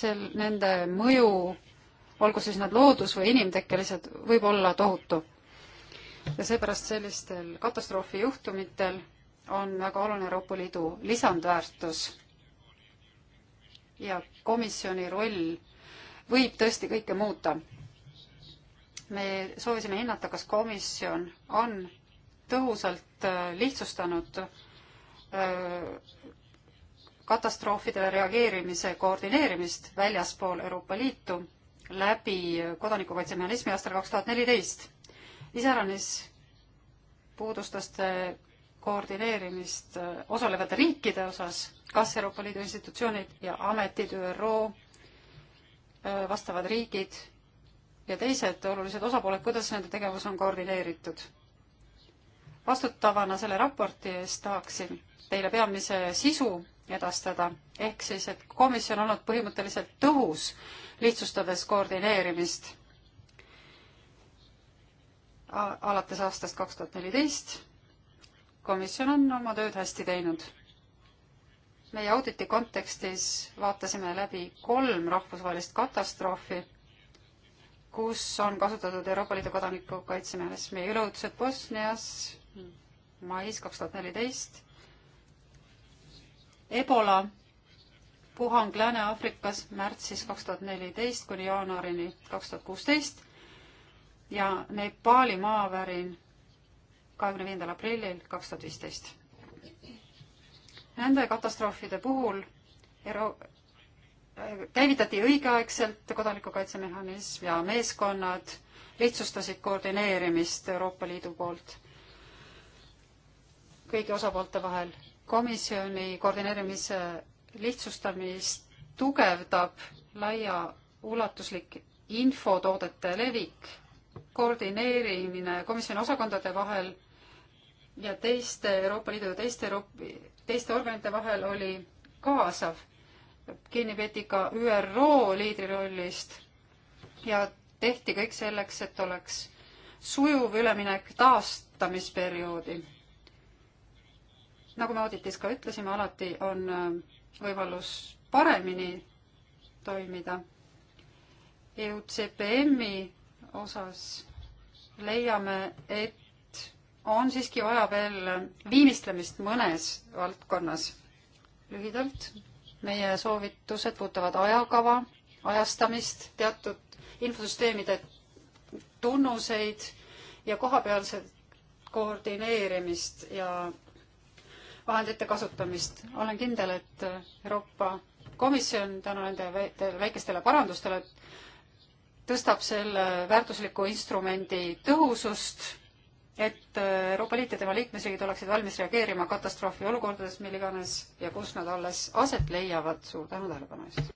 sel, nende mõju, olgu siis nad loodus- või inimtekkelised, võib olla tohutu. ja seepärast sellistel katastroofijuhtumitel on väga oluline Euroopa Liidu lisandväärtus ja komisjoni roll võib tõesti kõike muuta. me soovisime hinnata, kas komisjon on tõhusalt äh, lihtsustanud äh, katastroofidele reageerimise koordineerimist väljaspool Euroopa Liitu läbi kodanikukaitsemehhanismi aastal kaks tuhat neliteist. iseäranis puudustuste koordineerimist äh, osalevate riikide osas, kas Euroopa Liidu institutsioonid ja ametid, ÜRO, äh, vastavad riigid ja teised olulised osapooled, kuidas nende tegevus on koordineeritud. vastutavana selle raporti eest tahaksin teile peamise sisu edastada. ehk siis, et komisjon on olnud põhimõtteliselt tõhus, lihtsustades koordineerimist alates aastast kaks tuhat neliteist. komisjon on oma tööd hästi teinud. meie auditi kontekstis vaatasime läbi kolm rahvusvahelist katastroofi, kus on kasutatud Euroopa Liidu kodaniku kaitsemehhanismi. üleujutused Bosnias mais kaks tuhat neliteist Ebola puhang Lääne-Aafrikas märtsis kaks tuhat neliteist kuni jaanuarini kaks tuhat kuusteist ja Nepaali maavärin kahekümne viiendal aprillil kaks tuhat viisteist. Nende katastroofide puhul Euro-, käivitati õigeaegselt kodanikukaitsemehhanism ja meeskonnad lihtsustasid koordineerimist Euroopa Liidu poolt kõigi osapoolte vahel komisjoni koordineerimise lihtsustamist tugevdab laiaulatuslik infotoodete levik, koordineerimine komisjoni osakondade vahel ja teiste Euroopa Liidu ja teiste Euroopa, teiste organite vahel oli kaasav. kinni peeti ka ÜRO liidri rollist ja tehti kõik selleks, et oleks sujuv üleminek taastamisperioodi nagu me auditis ka ütlesime, alati on äh, võimalus paremini toimida. EUCPM-i osas leiame, et on siiski vaja veel viimistlemist mõnes valdkonnas. lühidalt, meie soovitused puudutavad ajakava, ajastamist, teatud infosüsteemide tunnuseid ja kohapealset koordineerimist ja vahendite kasutamist. olen kindel, et Euroopa Komisjon tänu nende väikestele parandustele tõstab selle väärtusliku instrumendi tõhusust, et Euroopa Liit ja tema liikmesriigid oleksid valmis reageerima katastroofi olukordades, mil iganes ja kus nad alles aset leiavad. suur tänu tähelepanu eest!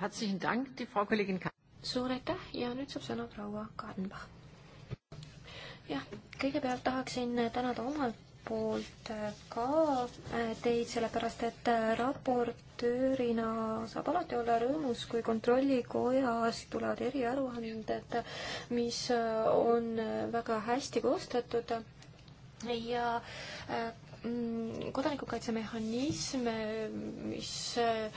Herzlichen Dank, die Frau Kollegin Kahn. Suur aitäh ja nüüd saab sõna proua Kahnbach. jah, kõigepealt tahaksin tänada omalt poolt ka äh, teid, sellepärast et äh, raportöörina saab alati olla rõõmus, kui Kontrollikojast tulevad eriaruanded, mis äh, on väga hästi koostatud ja Mm, kodanikukaitsemehhanism, mis äh,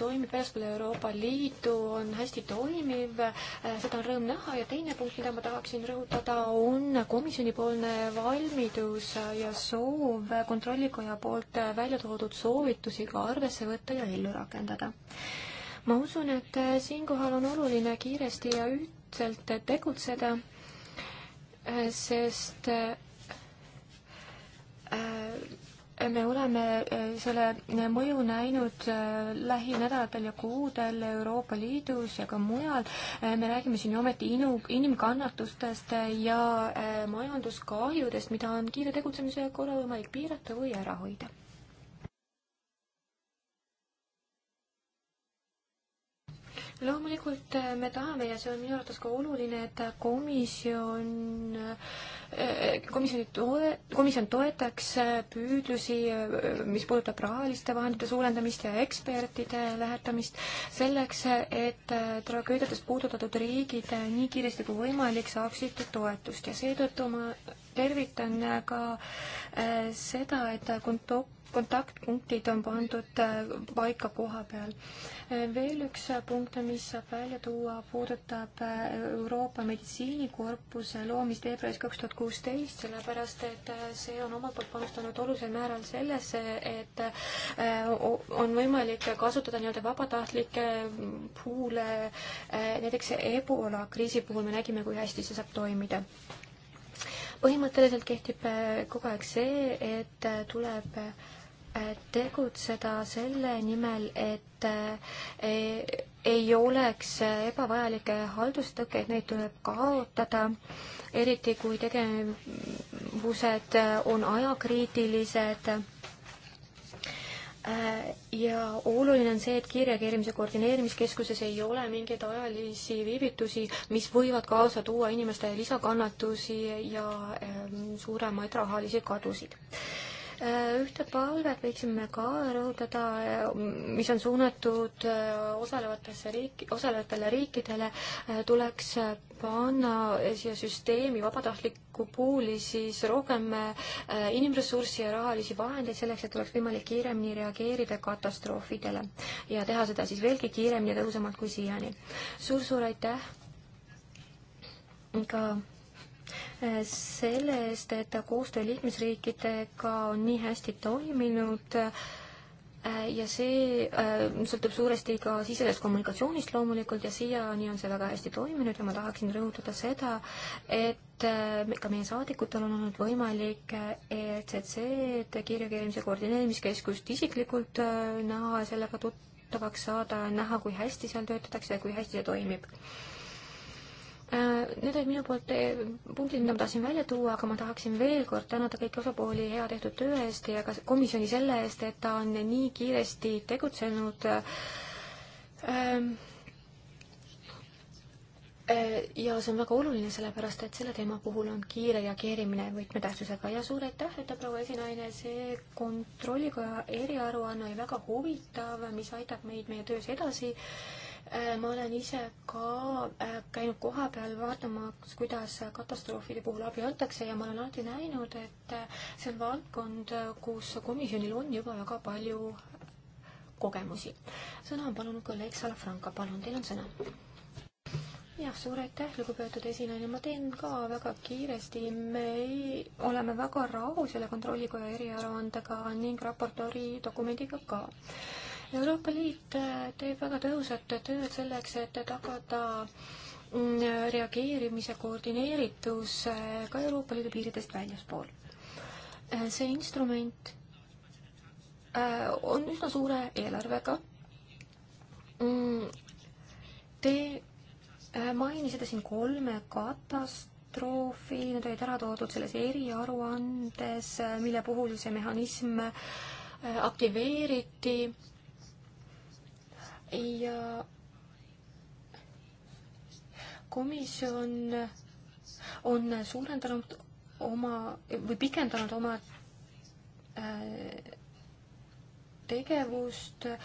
toimib väljaspool Euroopa Liitu, on hästi toimiv, äh, seda on rõõm näha ja teine punkt, mida ma tahaksin rõhutada, on komisjonipoolne valmidus ja soov kontrollikoja poolt välja toodud soovitusi ka arvesse võtta ja ellu rakendada. ma usun, et siinkohal on oluline kiiresti ja ühtselt tegutseda, sest äh, Äh, me oleme äh, selle mõju näinud äh, lähinädalatel ja kuudel Euroopa Liidus ja ka mujal. me räägime siin ju ometi inu, inimkannatustest ja majanduskahjudest, mida on kiire tegutsemise korral võimalik piirata või ära hoida loomulikult äh, me tahame ja see on minu arvates ka oluline, et komisjon, äh, komisjoni toe-, komisjon toetaks äh, püüdlusi, mis puudutab rahaliste vahendite suurendamist ja ekspertide lähetamist, selleks, et tragöödiatest puudutatud riigid nii kiiresti kui võimalik saaksid toetust ja seetõttu ma tervitan ka seda, et Kontok-, kontaktpunktid on pandud äh, paika koha peal. Äh, veel üks äh, punkt, mis saab välja tuua, puudutab Euroopa meditsiinikorpuse loomist veebruaris kaks tuhat kuusteist, sellepärast et see on omalt poolt panustanud olulisel määral sellesse, et on võimalik kasutada nii-öelda vabatahtlikke puule, näiteks Ebola kriisi puhul me nägime, kui hästi see saab toimida põhimõtteliselt kehtib kogu aeg see, et tuleb äh, tegutseda selle nimel, et eh, ei oleks ebavajalikke haldustõkkeid, neid tuleb kaotada, eriti kui tegevused on ajakriitilised eh, ja oluline on see, et kiirreageerimise koordineerimiskeskuses ei ole mingeid ajalisi viivitusi, mis võivad kaasa tuua inimeste lisakannatusi ja eh, suuremaid rahalisi kadusid. Äh, ühte palvet võiksime ka rõhutada, äh, mis on suunatud äh, osalevatesse riik, osalevatele riikidele, tuleks panna siia süsteemi vabatahtlikku pooli siis rohkem inimressurssi ja rahalisi vahendeid selleks, et oleks võimalik kiiremini reageerida katastroofidele ja teha seda siis veelgi kiiremini ja tõhusamalt kui siiani suur,. suur-suur aitäh ka selle eest, et koostöö liikmesriikidega on nii hästi toiminud äh, ja see äh, sõltub suuresti ka sisesest kommunikatsioonist loomulikult ja siiani on see väga hästi toiminud ja ma tahaksin rõhutada seda, et äh, ka meie saadikutel on olnud võimalik ECC-d, kiirreageerimise koordineerimiskeskust isiklikult näha, sellega tuttavaks saada, näha, kui hästi seal töötatakse ja kui hästi see toimib Äh, Need olid minu poolt äh, punktid, mida ma tahtsin välja tuua, aga ma tahaksin veel kord tänada kõiki osapooli hea tehtud töö eest ja ka komisjoni selle eest, et ta on nii kiiresti tegutsenud. Ähm, äh, ja see on väga oluline, sellepärast et selle teema puhul on kiire reageerimine võtmetähtsusega ja suur aitäh, ütleb proua esinaine, see kontrollikoja eriaruanne oli väga huvitav, mis aitab meid meie töös edasi Äh, ma olen ise ka äh, käinud kohapeal vaatamas, kuidas katastroofide puhul abi antakse ja ma olen alati näinud, et äh, see on valdkond, kus komisjonil on juba väga palju kogemusi. sõna on palunud kolleeg Salafranca, palun, teil on sõna. jah, suur aitäh, lugupeetud esinaine, ma teen ka väga kiiresti, me ei, oleme väga rahul selle kontrollikoja eriaruandega ning raportööri dokumendiga ka Euroopa Liit äh, teeb väga tõhusat tööd selleks, et tagada mm, reageerimise koordineeritus äh, ka Euroopa Liidu piiridest väljaspool. Äh, see instrument on üsna suure eelarvega. Mm, te mainisite siin kolme katastroofi, need olid ära toodud selles eriaruandes, mille puhul see mehhanism aktiveeriti ja komisjon on suurendanud oma või pikendanud oma äh, tegevust äh,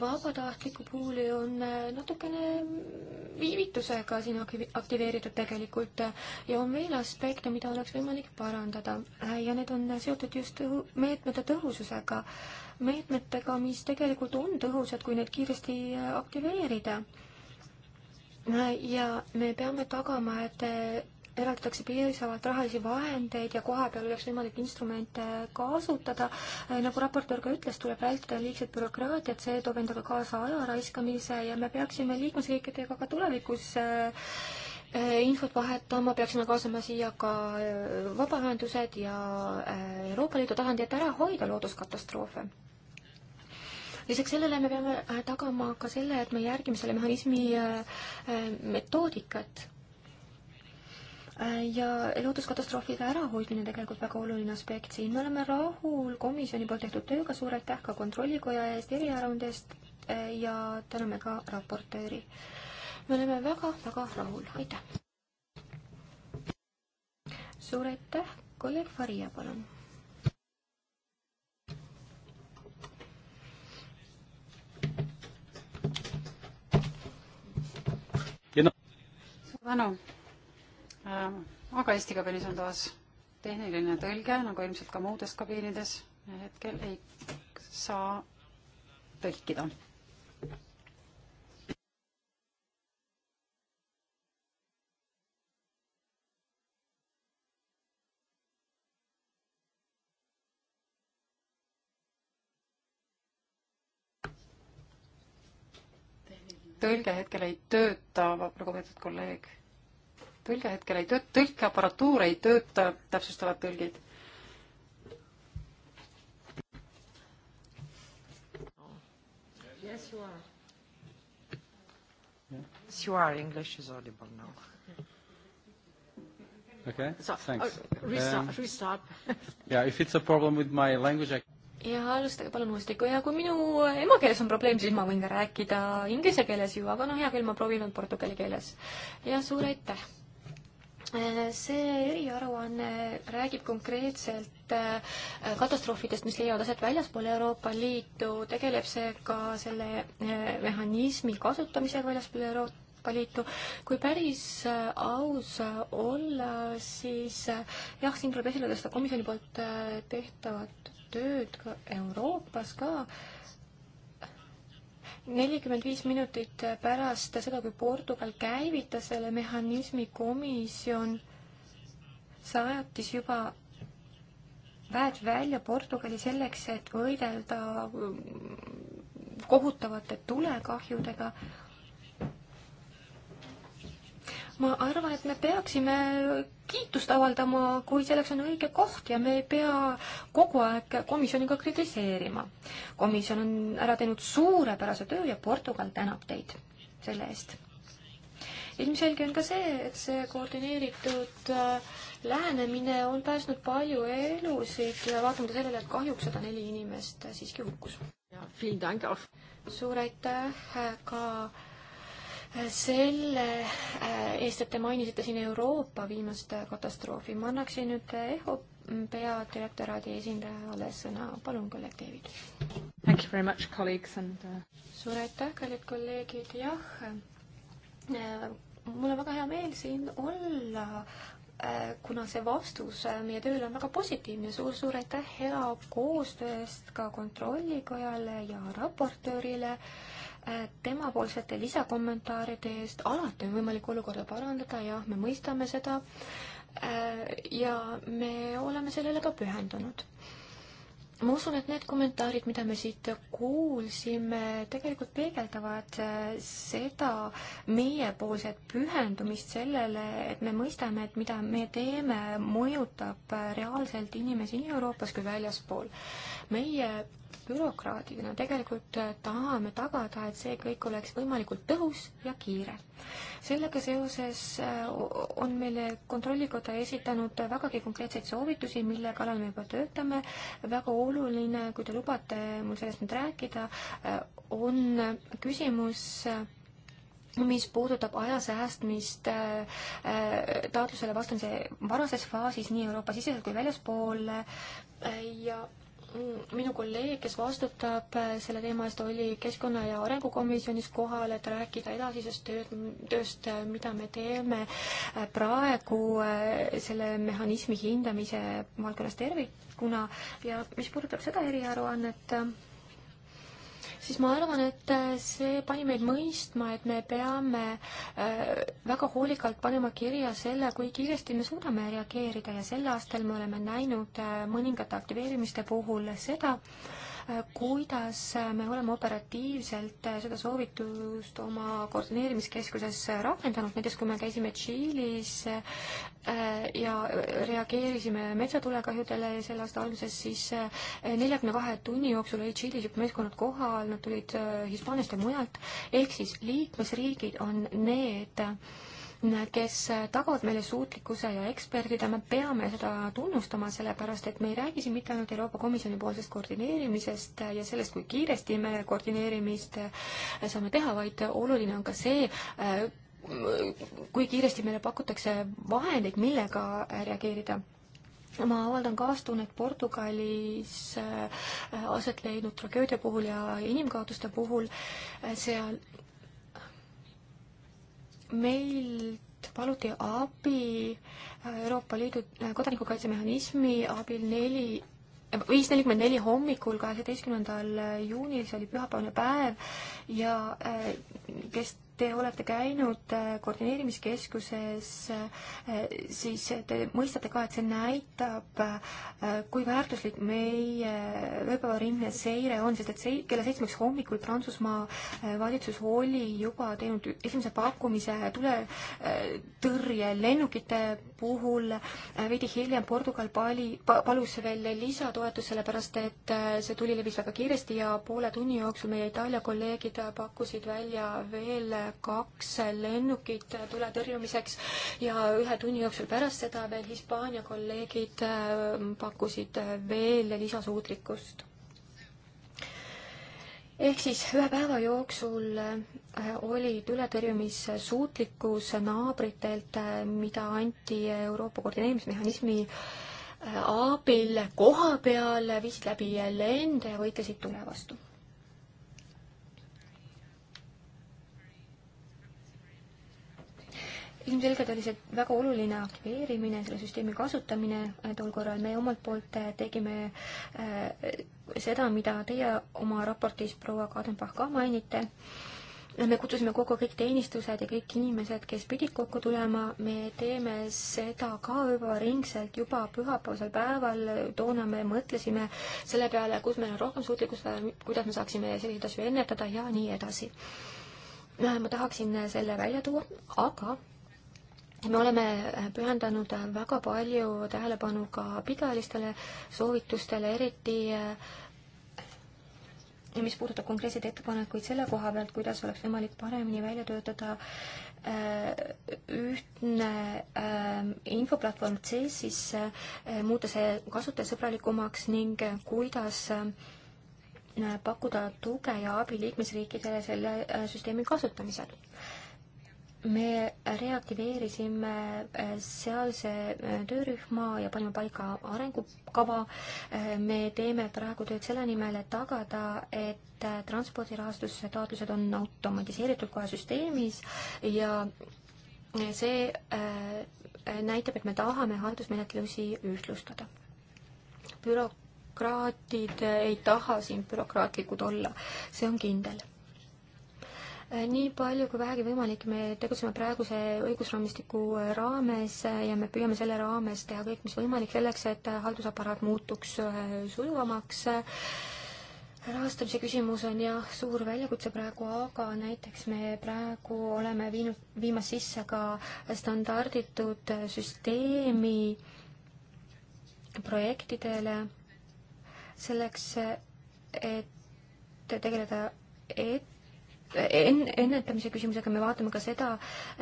vabatahtliku puhul on äh, natukene viivitusega siin aktiveeritud tegelikult ja on veel aspekte, mida oleks võimalik parandada ja need on seotud just meetmete tõhususega meetmetega, mis tegelikult on tõhusad, kui neid kiiresti aktiveerida. ja me peame tagama, et eraldatakse piisavalt rahalisi vahendeid ja kohapeal oleks võimalik instrumente kasutada. nagu raportöör ka ütles, tuleb vältida liigset bürokraatiat, see toob endaga kaasa aja raiskamise ja me peaksime liikmesriikidega ka tulevikus äh, Äh, infot vahetama, peaksime kaasama siia ka äh, vabaühendused ja äh, Euroopa Liidu tasandi, et ära hoida looduskatastroofe. lisaks sellele me peame tagama ka selle, et me järgime selle mehhanismi metoodikat. ja looduskatastroofide ärahoidmine tegelikult väga oluline aspekt siin, me oleme rahul komisjoni poolt tehtud tööga, suur aitäh ka Kontrollikoja eest, eriarvamuste eest ja täname ka raportööri me oleme väga-väga rahul, aitäh. suur aitäh, kolleeg Faria, palun. tänu no.. Äh, aga Eesti kabiinis on taas tehniline tõlge, nagu ilmselt ka muudes kabiinides hetkel ei saa tõlkida tõlge hetkel ei tööta, lugupeetud kolleeg. tõlge hetkel ei tööta, tõlkeaparatuur ei tööta, täpsustavad tõlgid. Yes, you are. Yeah. Yes, you are. English is audible now. Okay, so, thanks. Uh, restart. Um, restart. yeah, if it's a problem with my language, I ja alustage palun uuesti, kui, ja kui minu emakeeles on probleem, siis ma võin ka rääkida inglise keeles ju, aga noh, hea küll, ma proovin nüüd portugali keeles. ja suur aitäh! Äh, see eriaruanne räägib konkreetselt äh, katastroofidest, mis leiavad aset väljaspool Euroopa Liitu, tegeleb see ka selle äh, mehhanismi kasutamisega väljaspool Euroopa Liitu. kui päris aus olla, siis jah, siin tuleb esile tõsta komisjoni poolt tehtavat tööd ka Euroopas ka nelikümmend viis minutit pärast seda, kui Portugal käivitas selle mehhanismi, komisjon saatis juba väed välja Portugali selleks, et võidelda kohutavate tulekahjudega ma arvan, et me peaksime kiitust avaldama, kui selleks on õige koht ja me ei pea kogu aeg komisjoni ka kritiseerima. komisjon on ära teinud suurepärase töö ja Portugal tänab teid selle eest. ilmselge on ka see, et see koordineeritud äh, lähenemine on päästnud palju elusid, vaatamata sellele, et kahjuks sada neli inimest äh, siiski hukkus. suur aitäh äh, ka selle äh, eest, et te mainisite siin Euroopa viimast katastroofi. ma annaksin nüüd EHO peadirektoraadi esindajale sõna. palun, kolleeg David. Thank you very much, colleagues and uh.... suur aitäh, kallid kolleegid, jah. Äh, mul on väga hea meel siin olla äh, kuna see vastus meie tööle on väga positiivne suur,, suur-suur aitäh hea koostöö eest ka Kontrollikojale ja raportöörile äh, temapoolsete lisakommentaaride eest, alati on võimalik olukorda parandada, jah, me mõistame seda äh, ja me oleme sellele ka pühendunud ma usun, et need kommentaarid, mida me siit kuulsime, tegelikult peegeldavad äh, seda meiepoolset pühendumist sellele, et me mõistame, et mida me teeme, mõjutab äh, reaalselt inimesi nii Euroopas kui väljaspool meie bürokraadidena tegelikult äh, tahame tagada, et see kõik oleks võimalikult tõhus ja kiire. sellega seoses äh, on meile Kontrollikoda esitanud vägagi konkreetseid soovitusi, mille kallal me juba töötame. väga oluline, kui te lubate mul sellest nüüd rääkida, äh, on küsimus mis puudutab aja säästmist äh, taotlusele vastamise varases faasis nii Euroopa siseselt kui väljaspool äh, ja minu kolleeg, kes vastutab äh, selle teema eest, oli Keskkonna- ja Arengukomisjonis kohal, et rääkida edasisest tööd, tööst, äh, mida me teeme äh, praegu selle mehhanismi hindamise valdkonnas tervikuna ja mis puudutab seda eriaruannet, et siis ma arvan, et äh, see pani meid mõistma, et me peame äh, väga hoolikalt panema kirja selle, kui kiiresti me suudame reageerida ja sel aastal me oleme näinud äh, mõningate aktiveerimiste puhul seda, kuidas me oleme operatiivselt seda soovitust oma koordineerimiskeskuses rakendanud, näiteks kui me käisime Tšiilis äh, ja reageerisime metsatulekahjudele selle aasta alguses, siis äh, neljakümne kahe tunni jooksul olid Tšiilis juba meeskonnad kohal, nad tulid äh, Hispaaniast ja mujalt, ehk siis liikmesriigid on need, kes tagavad meile suutlikkuse ja eksperdid ja me peame seda tunnustama, sellepärast et me ei räägi siin mitte ainult Euroopa Komisjoni poolsest koordineerimisest ja sellest, kui kiiresti me koordineerimist äh, saame teha, vaid oluline on ka see, äh, kui kiiresti meile pakutakse vahendeid, millega äh, reageerida ma avaldan kaastunnet Portugalis aset leidnud tragöödia puhul ja inimkaotuste puhul. seal meilt paluti abi äh, Euroopa Liidu äh, kodanikukaitsemehhanismi abil neli äh, viis nelikümmend neli hommikul, kaheksateistkümnendal juunil, see oli pühapäevane päev ja kes te olete käinud äh, koordineerimiskeskuses, äh, siis te mõistate ka, et see näitab, äh, kui väärtuslik meie ööpäevaringne seire on, sest et see kella seitsmeks hommikul Prantsusmaa valitsus oli juba teinud esimese pakkumise tuletõrje lennukite puhul, veidi hiljem Portugal pali, palus veel lisatoetust, sellepärast et see tuli levis väga kiiresti ja poole tunni jooksul meie Itaalia kolleegid pakkusid välja veel kaks lennukit tule tõrjumiseks ja ühe tunni jooksul pärast seda veel Hispaania kolleegid äh, pakkusid veel lisasuutlikkust ehk siis ühe päeva jooksul äh, oli tuletõrjumissuutlikkus naabritelt, äh, mida anti Euroopa koordineerimismehhanismi abil koha peal, viisid läbi lende ja võitlesid tule vastu. ilmselgelt oli see väga oluline aktiveerimine, selle süsteemi kasutamine äh, tol korral. me omalt poolt äh, tegime äh, seda, mida teie oma raportis, proua Kadenbach, ka mainite. me kutsusime kokku kõik teenistused ja kõik inimesed, kes pidid kokku tulema. me teeme seda ka ööpäevaringselt juba pühapäevasel päeval. toona me mõtlesime selle peale, kus meil on rohkem suutlikkust vaja, kuidas me saaksime selliseid asju ennetada ja nii edasi ma tahaksin selle välja tuua, aga me oleme pühendanud väga palju tähelepanu ka pikaajalistele soovitustele, eriti mis puudutab konkreetseid ettepanekuid selle koha pealt, kuidas oleks võimalik paremini välja töötada äh, ühtne äh, infoplatvorm CES-is, äh, muuta see kasutajasõbralikumaks ning kuidas pakkuda tuge ja abi liikmesriikidele selle süsteemi kasutamisel me reaktiveerisime äh, sealse äh, töörühma ja panime paika arengukava. Äh, me teeme praegu tööd selle nimel, et tagada, et transpordirahastuse taotlused on automatiseeritud kohe süsteemis ja see näitab, et me tahame haldusmenetlusi ühtlustada. bürokraatid ei taha siin bürokraatlikud olla, see on kindel Äh, nii palju kui vähegi võimalik, me tegutseme praeguse õigusraamistiku äh, raames äh, ja me püüame selle raames teha kõik, mis võimalik selleks, et haldusaparaat muutuks sujuvamaks. rahastamise küsimus on jah, suur väljakutse praegu, aga näiteks me praegu oleme viinud, viimas sisse ka standarditud süsteemi projektidele selleks, et tegeleda et en-, ennetamise küsimusega me vaatame ka seda,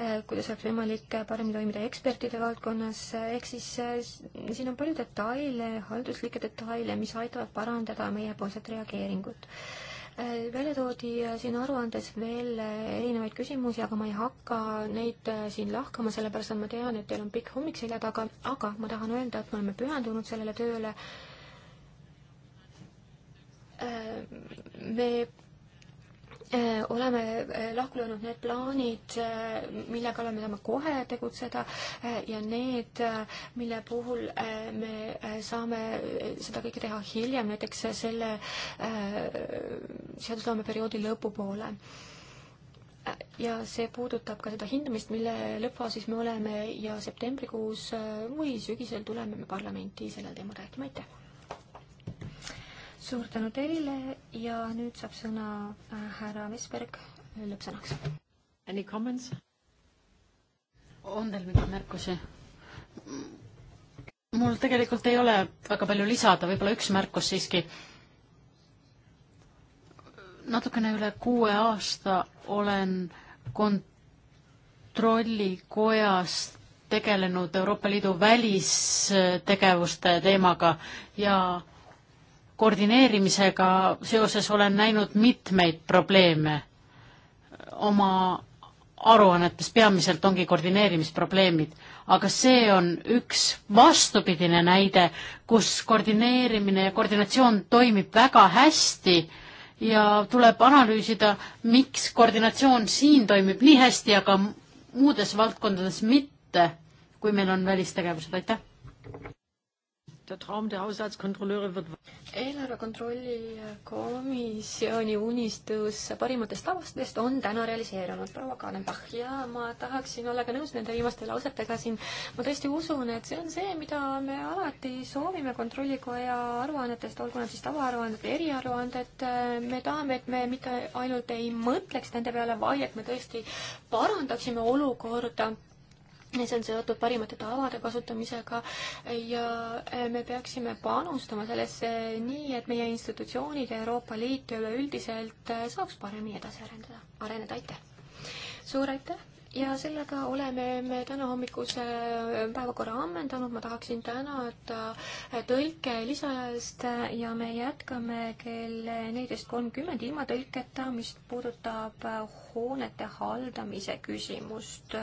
eh, kuidas oleks võimalik paremini toimida ekspertide valdkonnas, ehk siis eh, siin on palju detaile, halduslikke detaile, mis aitavad parandada meiepoolset reageeringut eh, välja toodi siin aruandes veel erinevaid küsimusi, aga ma ei hakka neid siin lahkama, sellepärast et ma tean, et teil on pikk hommik selja taga, aga ma tahan öelda, et me oleme pühendunud sellele tööle. me Äh, oleme äh, lahku löönud need plaanid, äh, mille kallal me tahame kohe tegutseda ja need, mille puhul me saame seda kõike teha hiljem, näiteks selle seadusloomeperioodi lõpupoole ja see puudutab ka seda hindamist, mille lõppfaasis me oleme ja septembrikuus või sügisel tuleme me parlamenti sellel teemal rääkima, aitäh! suur tänu teile ja nüüd saab sõna äh, härra Vesberg lõppsõnaks. Any comments? on teil mingeid märkusi? mul tegelikult ei ole väga palju lisada, võib-olla üks märkus siiski. natukene üle kuue aasta olen kontrollikojas tegelenud Euroopa Liidu välistegevuste teemaga ja koordineerimisega seoses olen näinud mitmeid probleeme oma aruannetes peamiselt ongi koordineerimisprobleemid, aga see on üks vastupidine näide, kus koordineerimine ja koordinatsioon toimib väga hästi ja tuleb analüüsida, miks koordinatsioon siin toimib nii hästi, aga muudes valdkondades mitte, kui meil on välistegevused, aitäh! eelarve kontrolli komisjoni unistus parimatest tavastest on täna realiseerunud, proua Kadenbach, ja ma tahaksin olla ka nõus nende viimaste lausetega siin. ma tõesti usun, et see on see, mida me alati soovime Kontrollikoja aruannetest, olgu need siis tavaaruanded või eriaruanded, me tahame, et me mitte ainult ei mõtleks nende peale, vaid et me tõesti parandaksime olukorda see on seotud parimate tavade kasutamisega ja eh, me peaksime panustama sellesse nii, et meie institutsioonid ja Euroopa Liit üleüldiselt eh, saaks paremini edasi arendada, areneda, aitäh! suur aitäh! ja sellega oleme me täna hommikuse äh, päevakorra ammendanud, ma tahaksin tänada äh, tõlke lisaaja eest äh, ja me jätkame kell neliteist kolmkümmend ilma tõlketa, mis puudutab hoonete haldamise küsimust,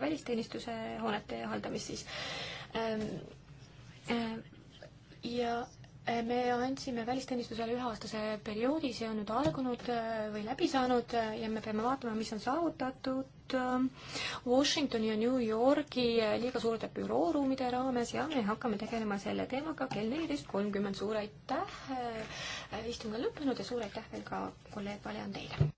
välisteenistuse hoonete haldamist siis. Ähm, ja me andsime välisteenistusele üheaastase perioodi, see on nüüd algunud äh, või läbi saanud äh, ja me peame vaatama, mis on saavutatud äh, Washingtoni ja New Yorgi liiga suurte bürooruumide raames ja me hakkame tegelema selle teemaga kell neliteist kolmkümmend. suur aitäh, istung on lõppenud ja suur aitäh veel ka kolleeg Valjan teile!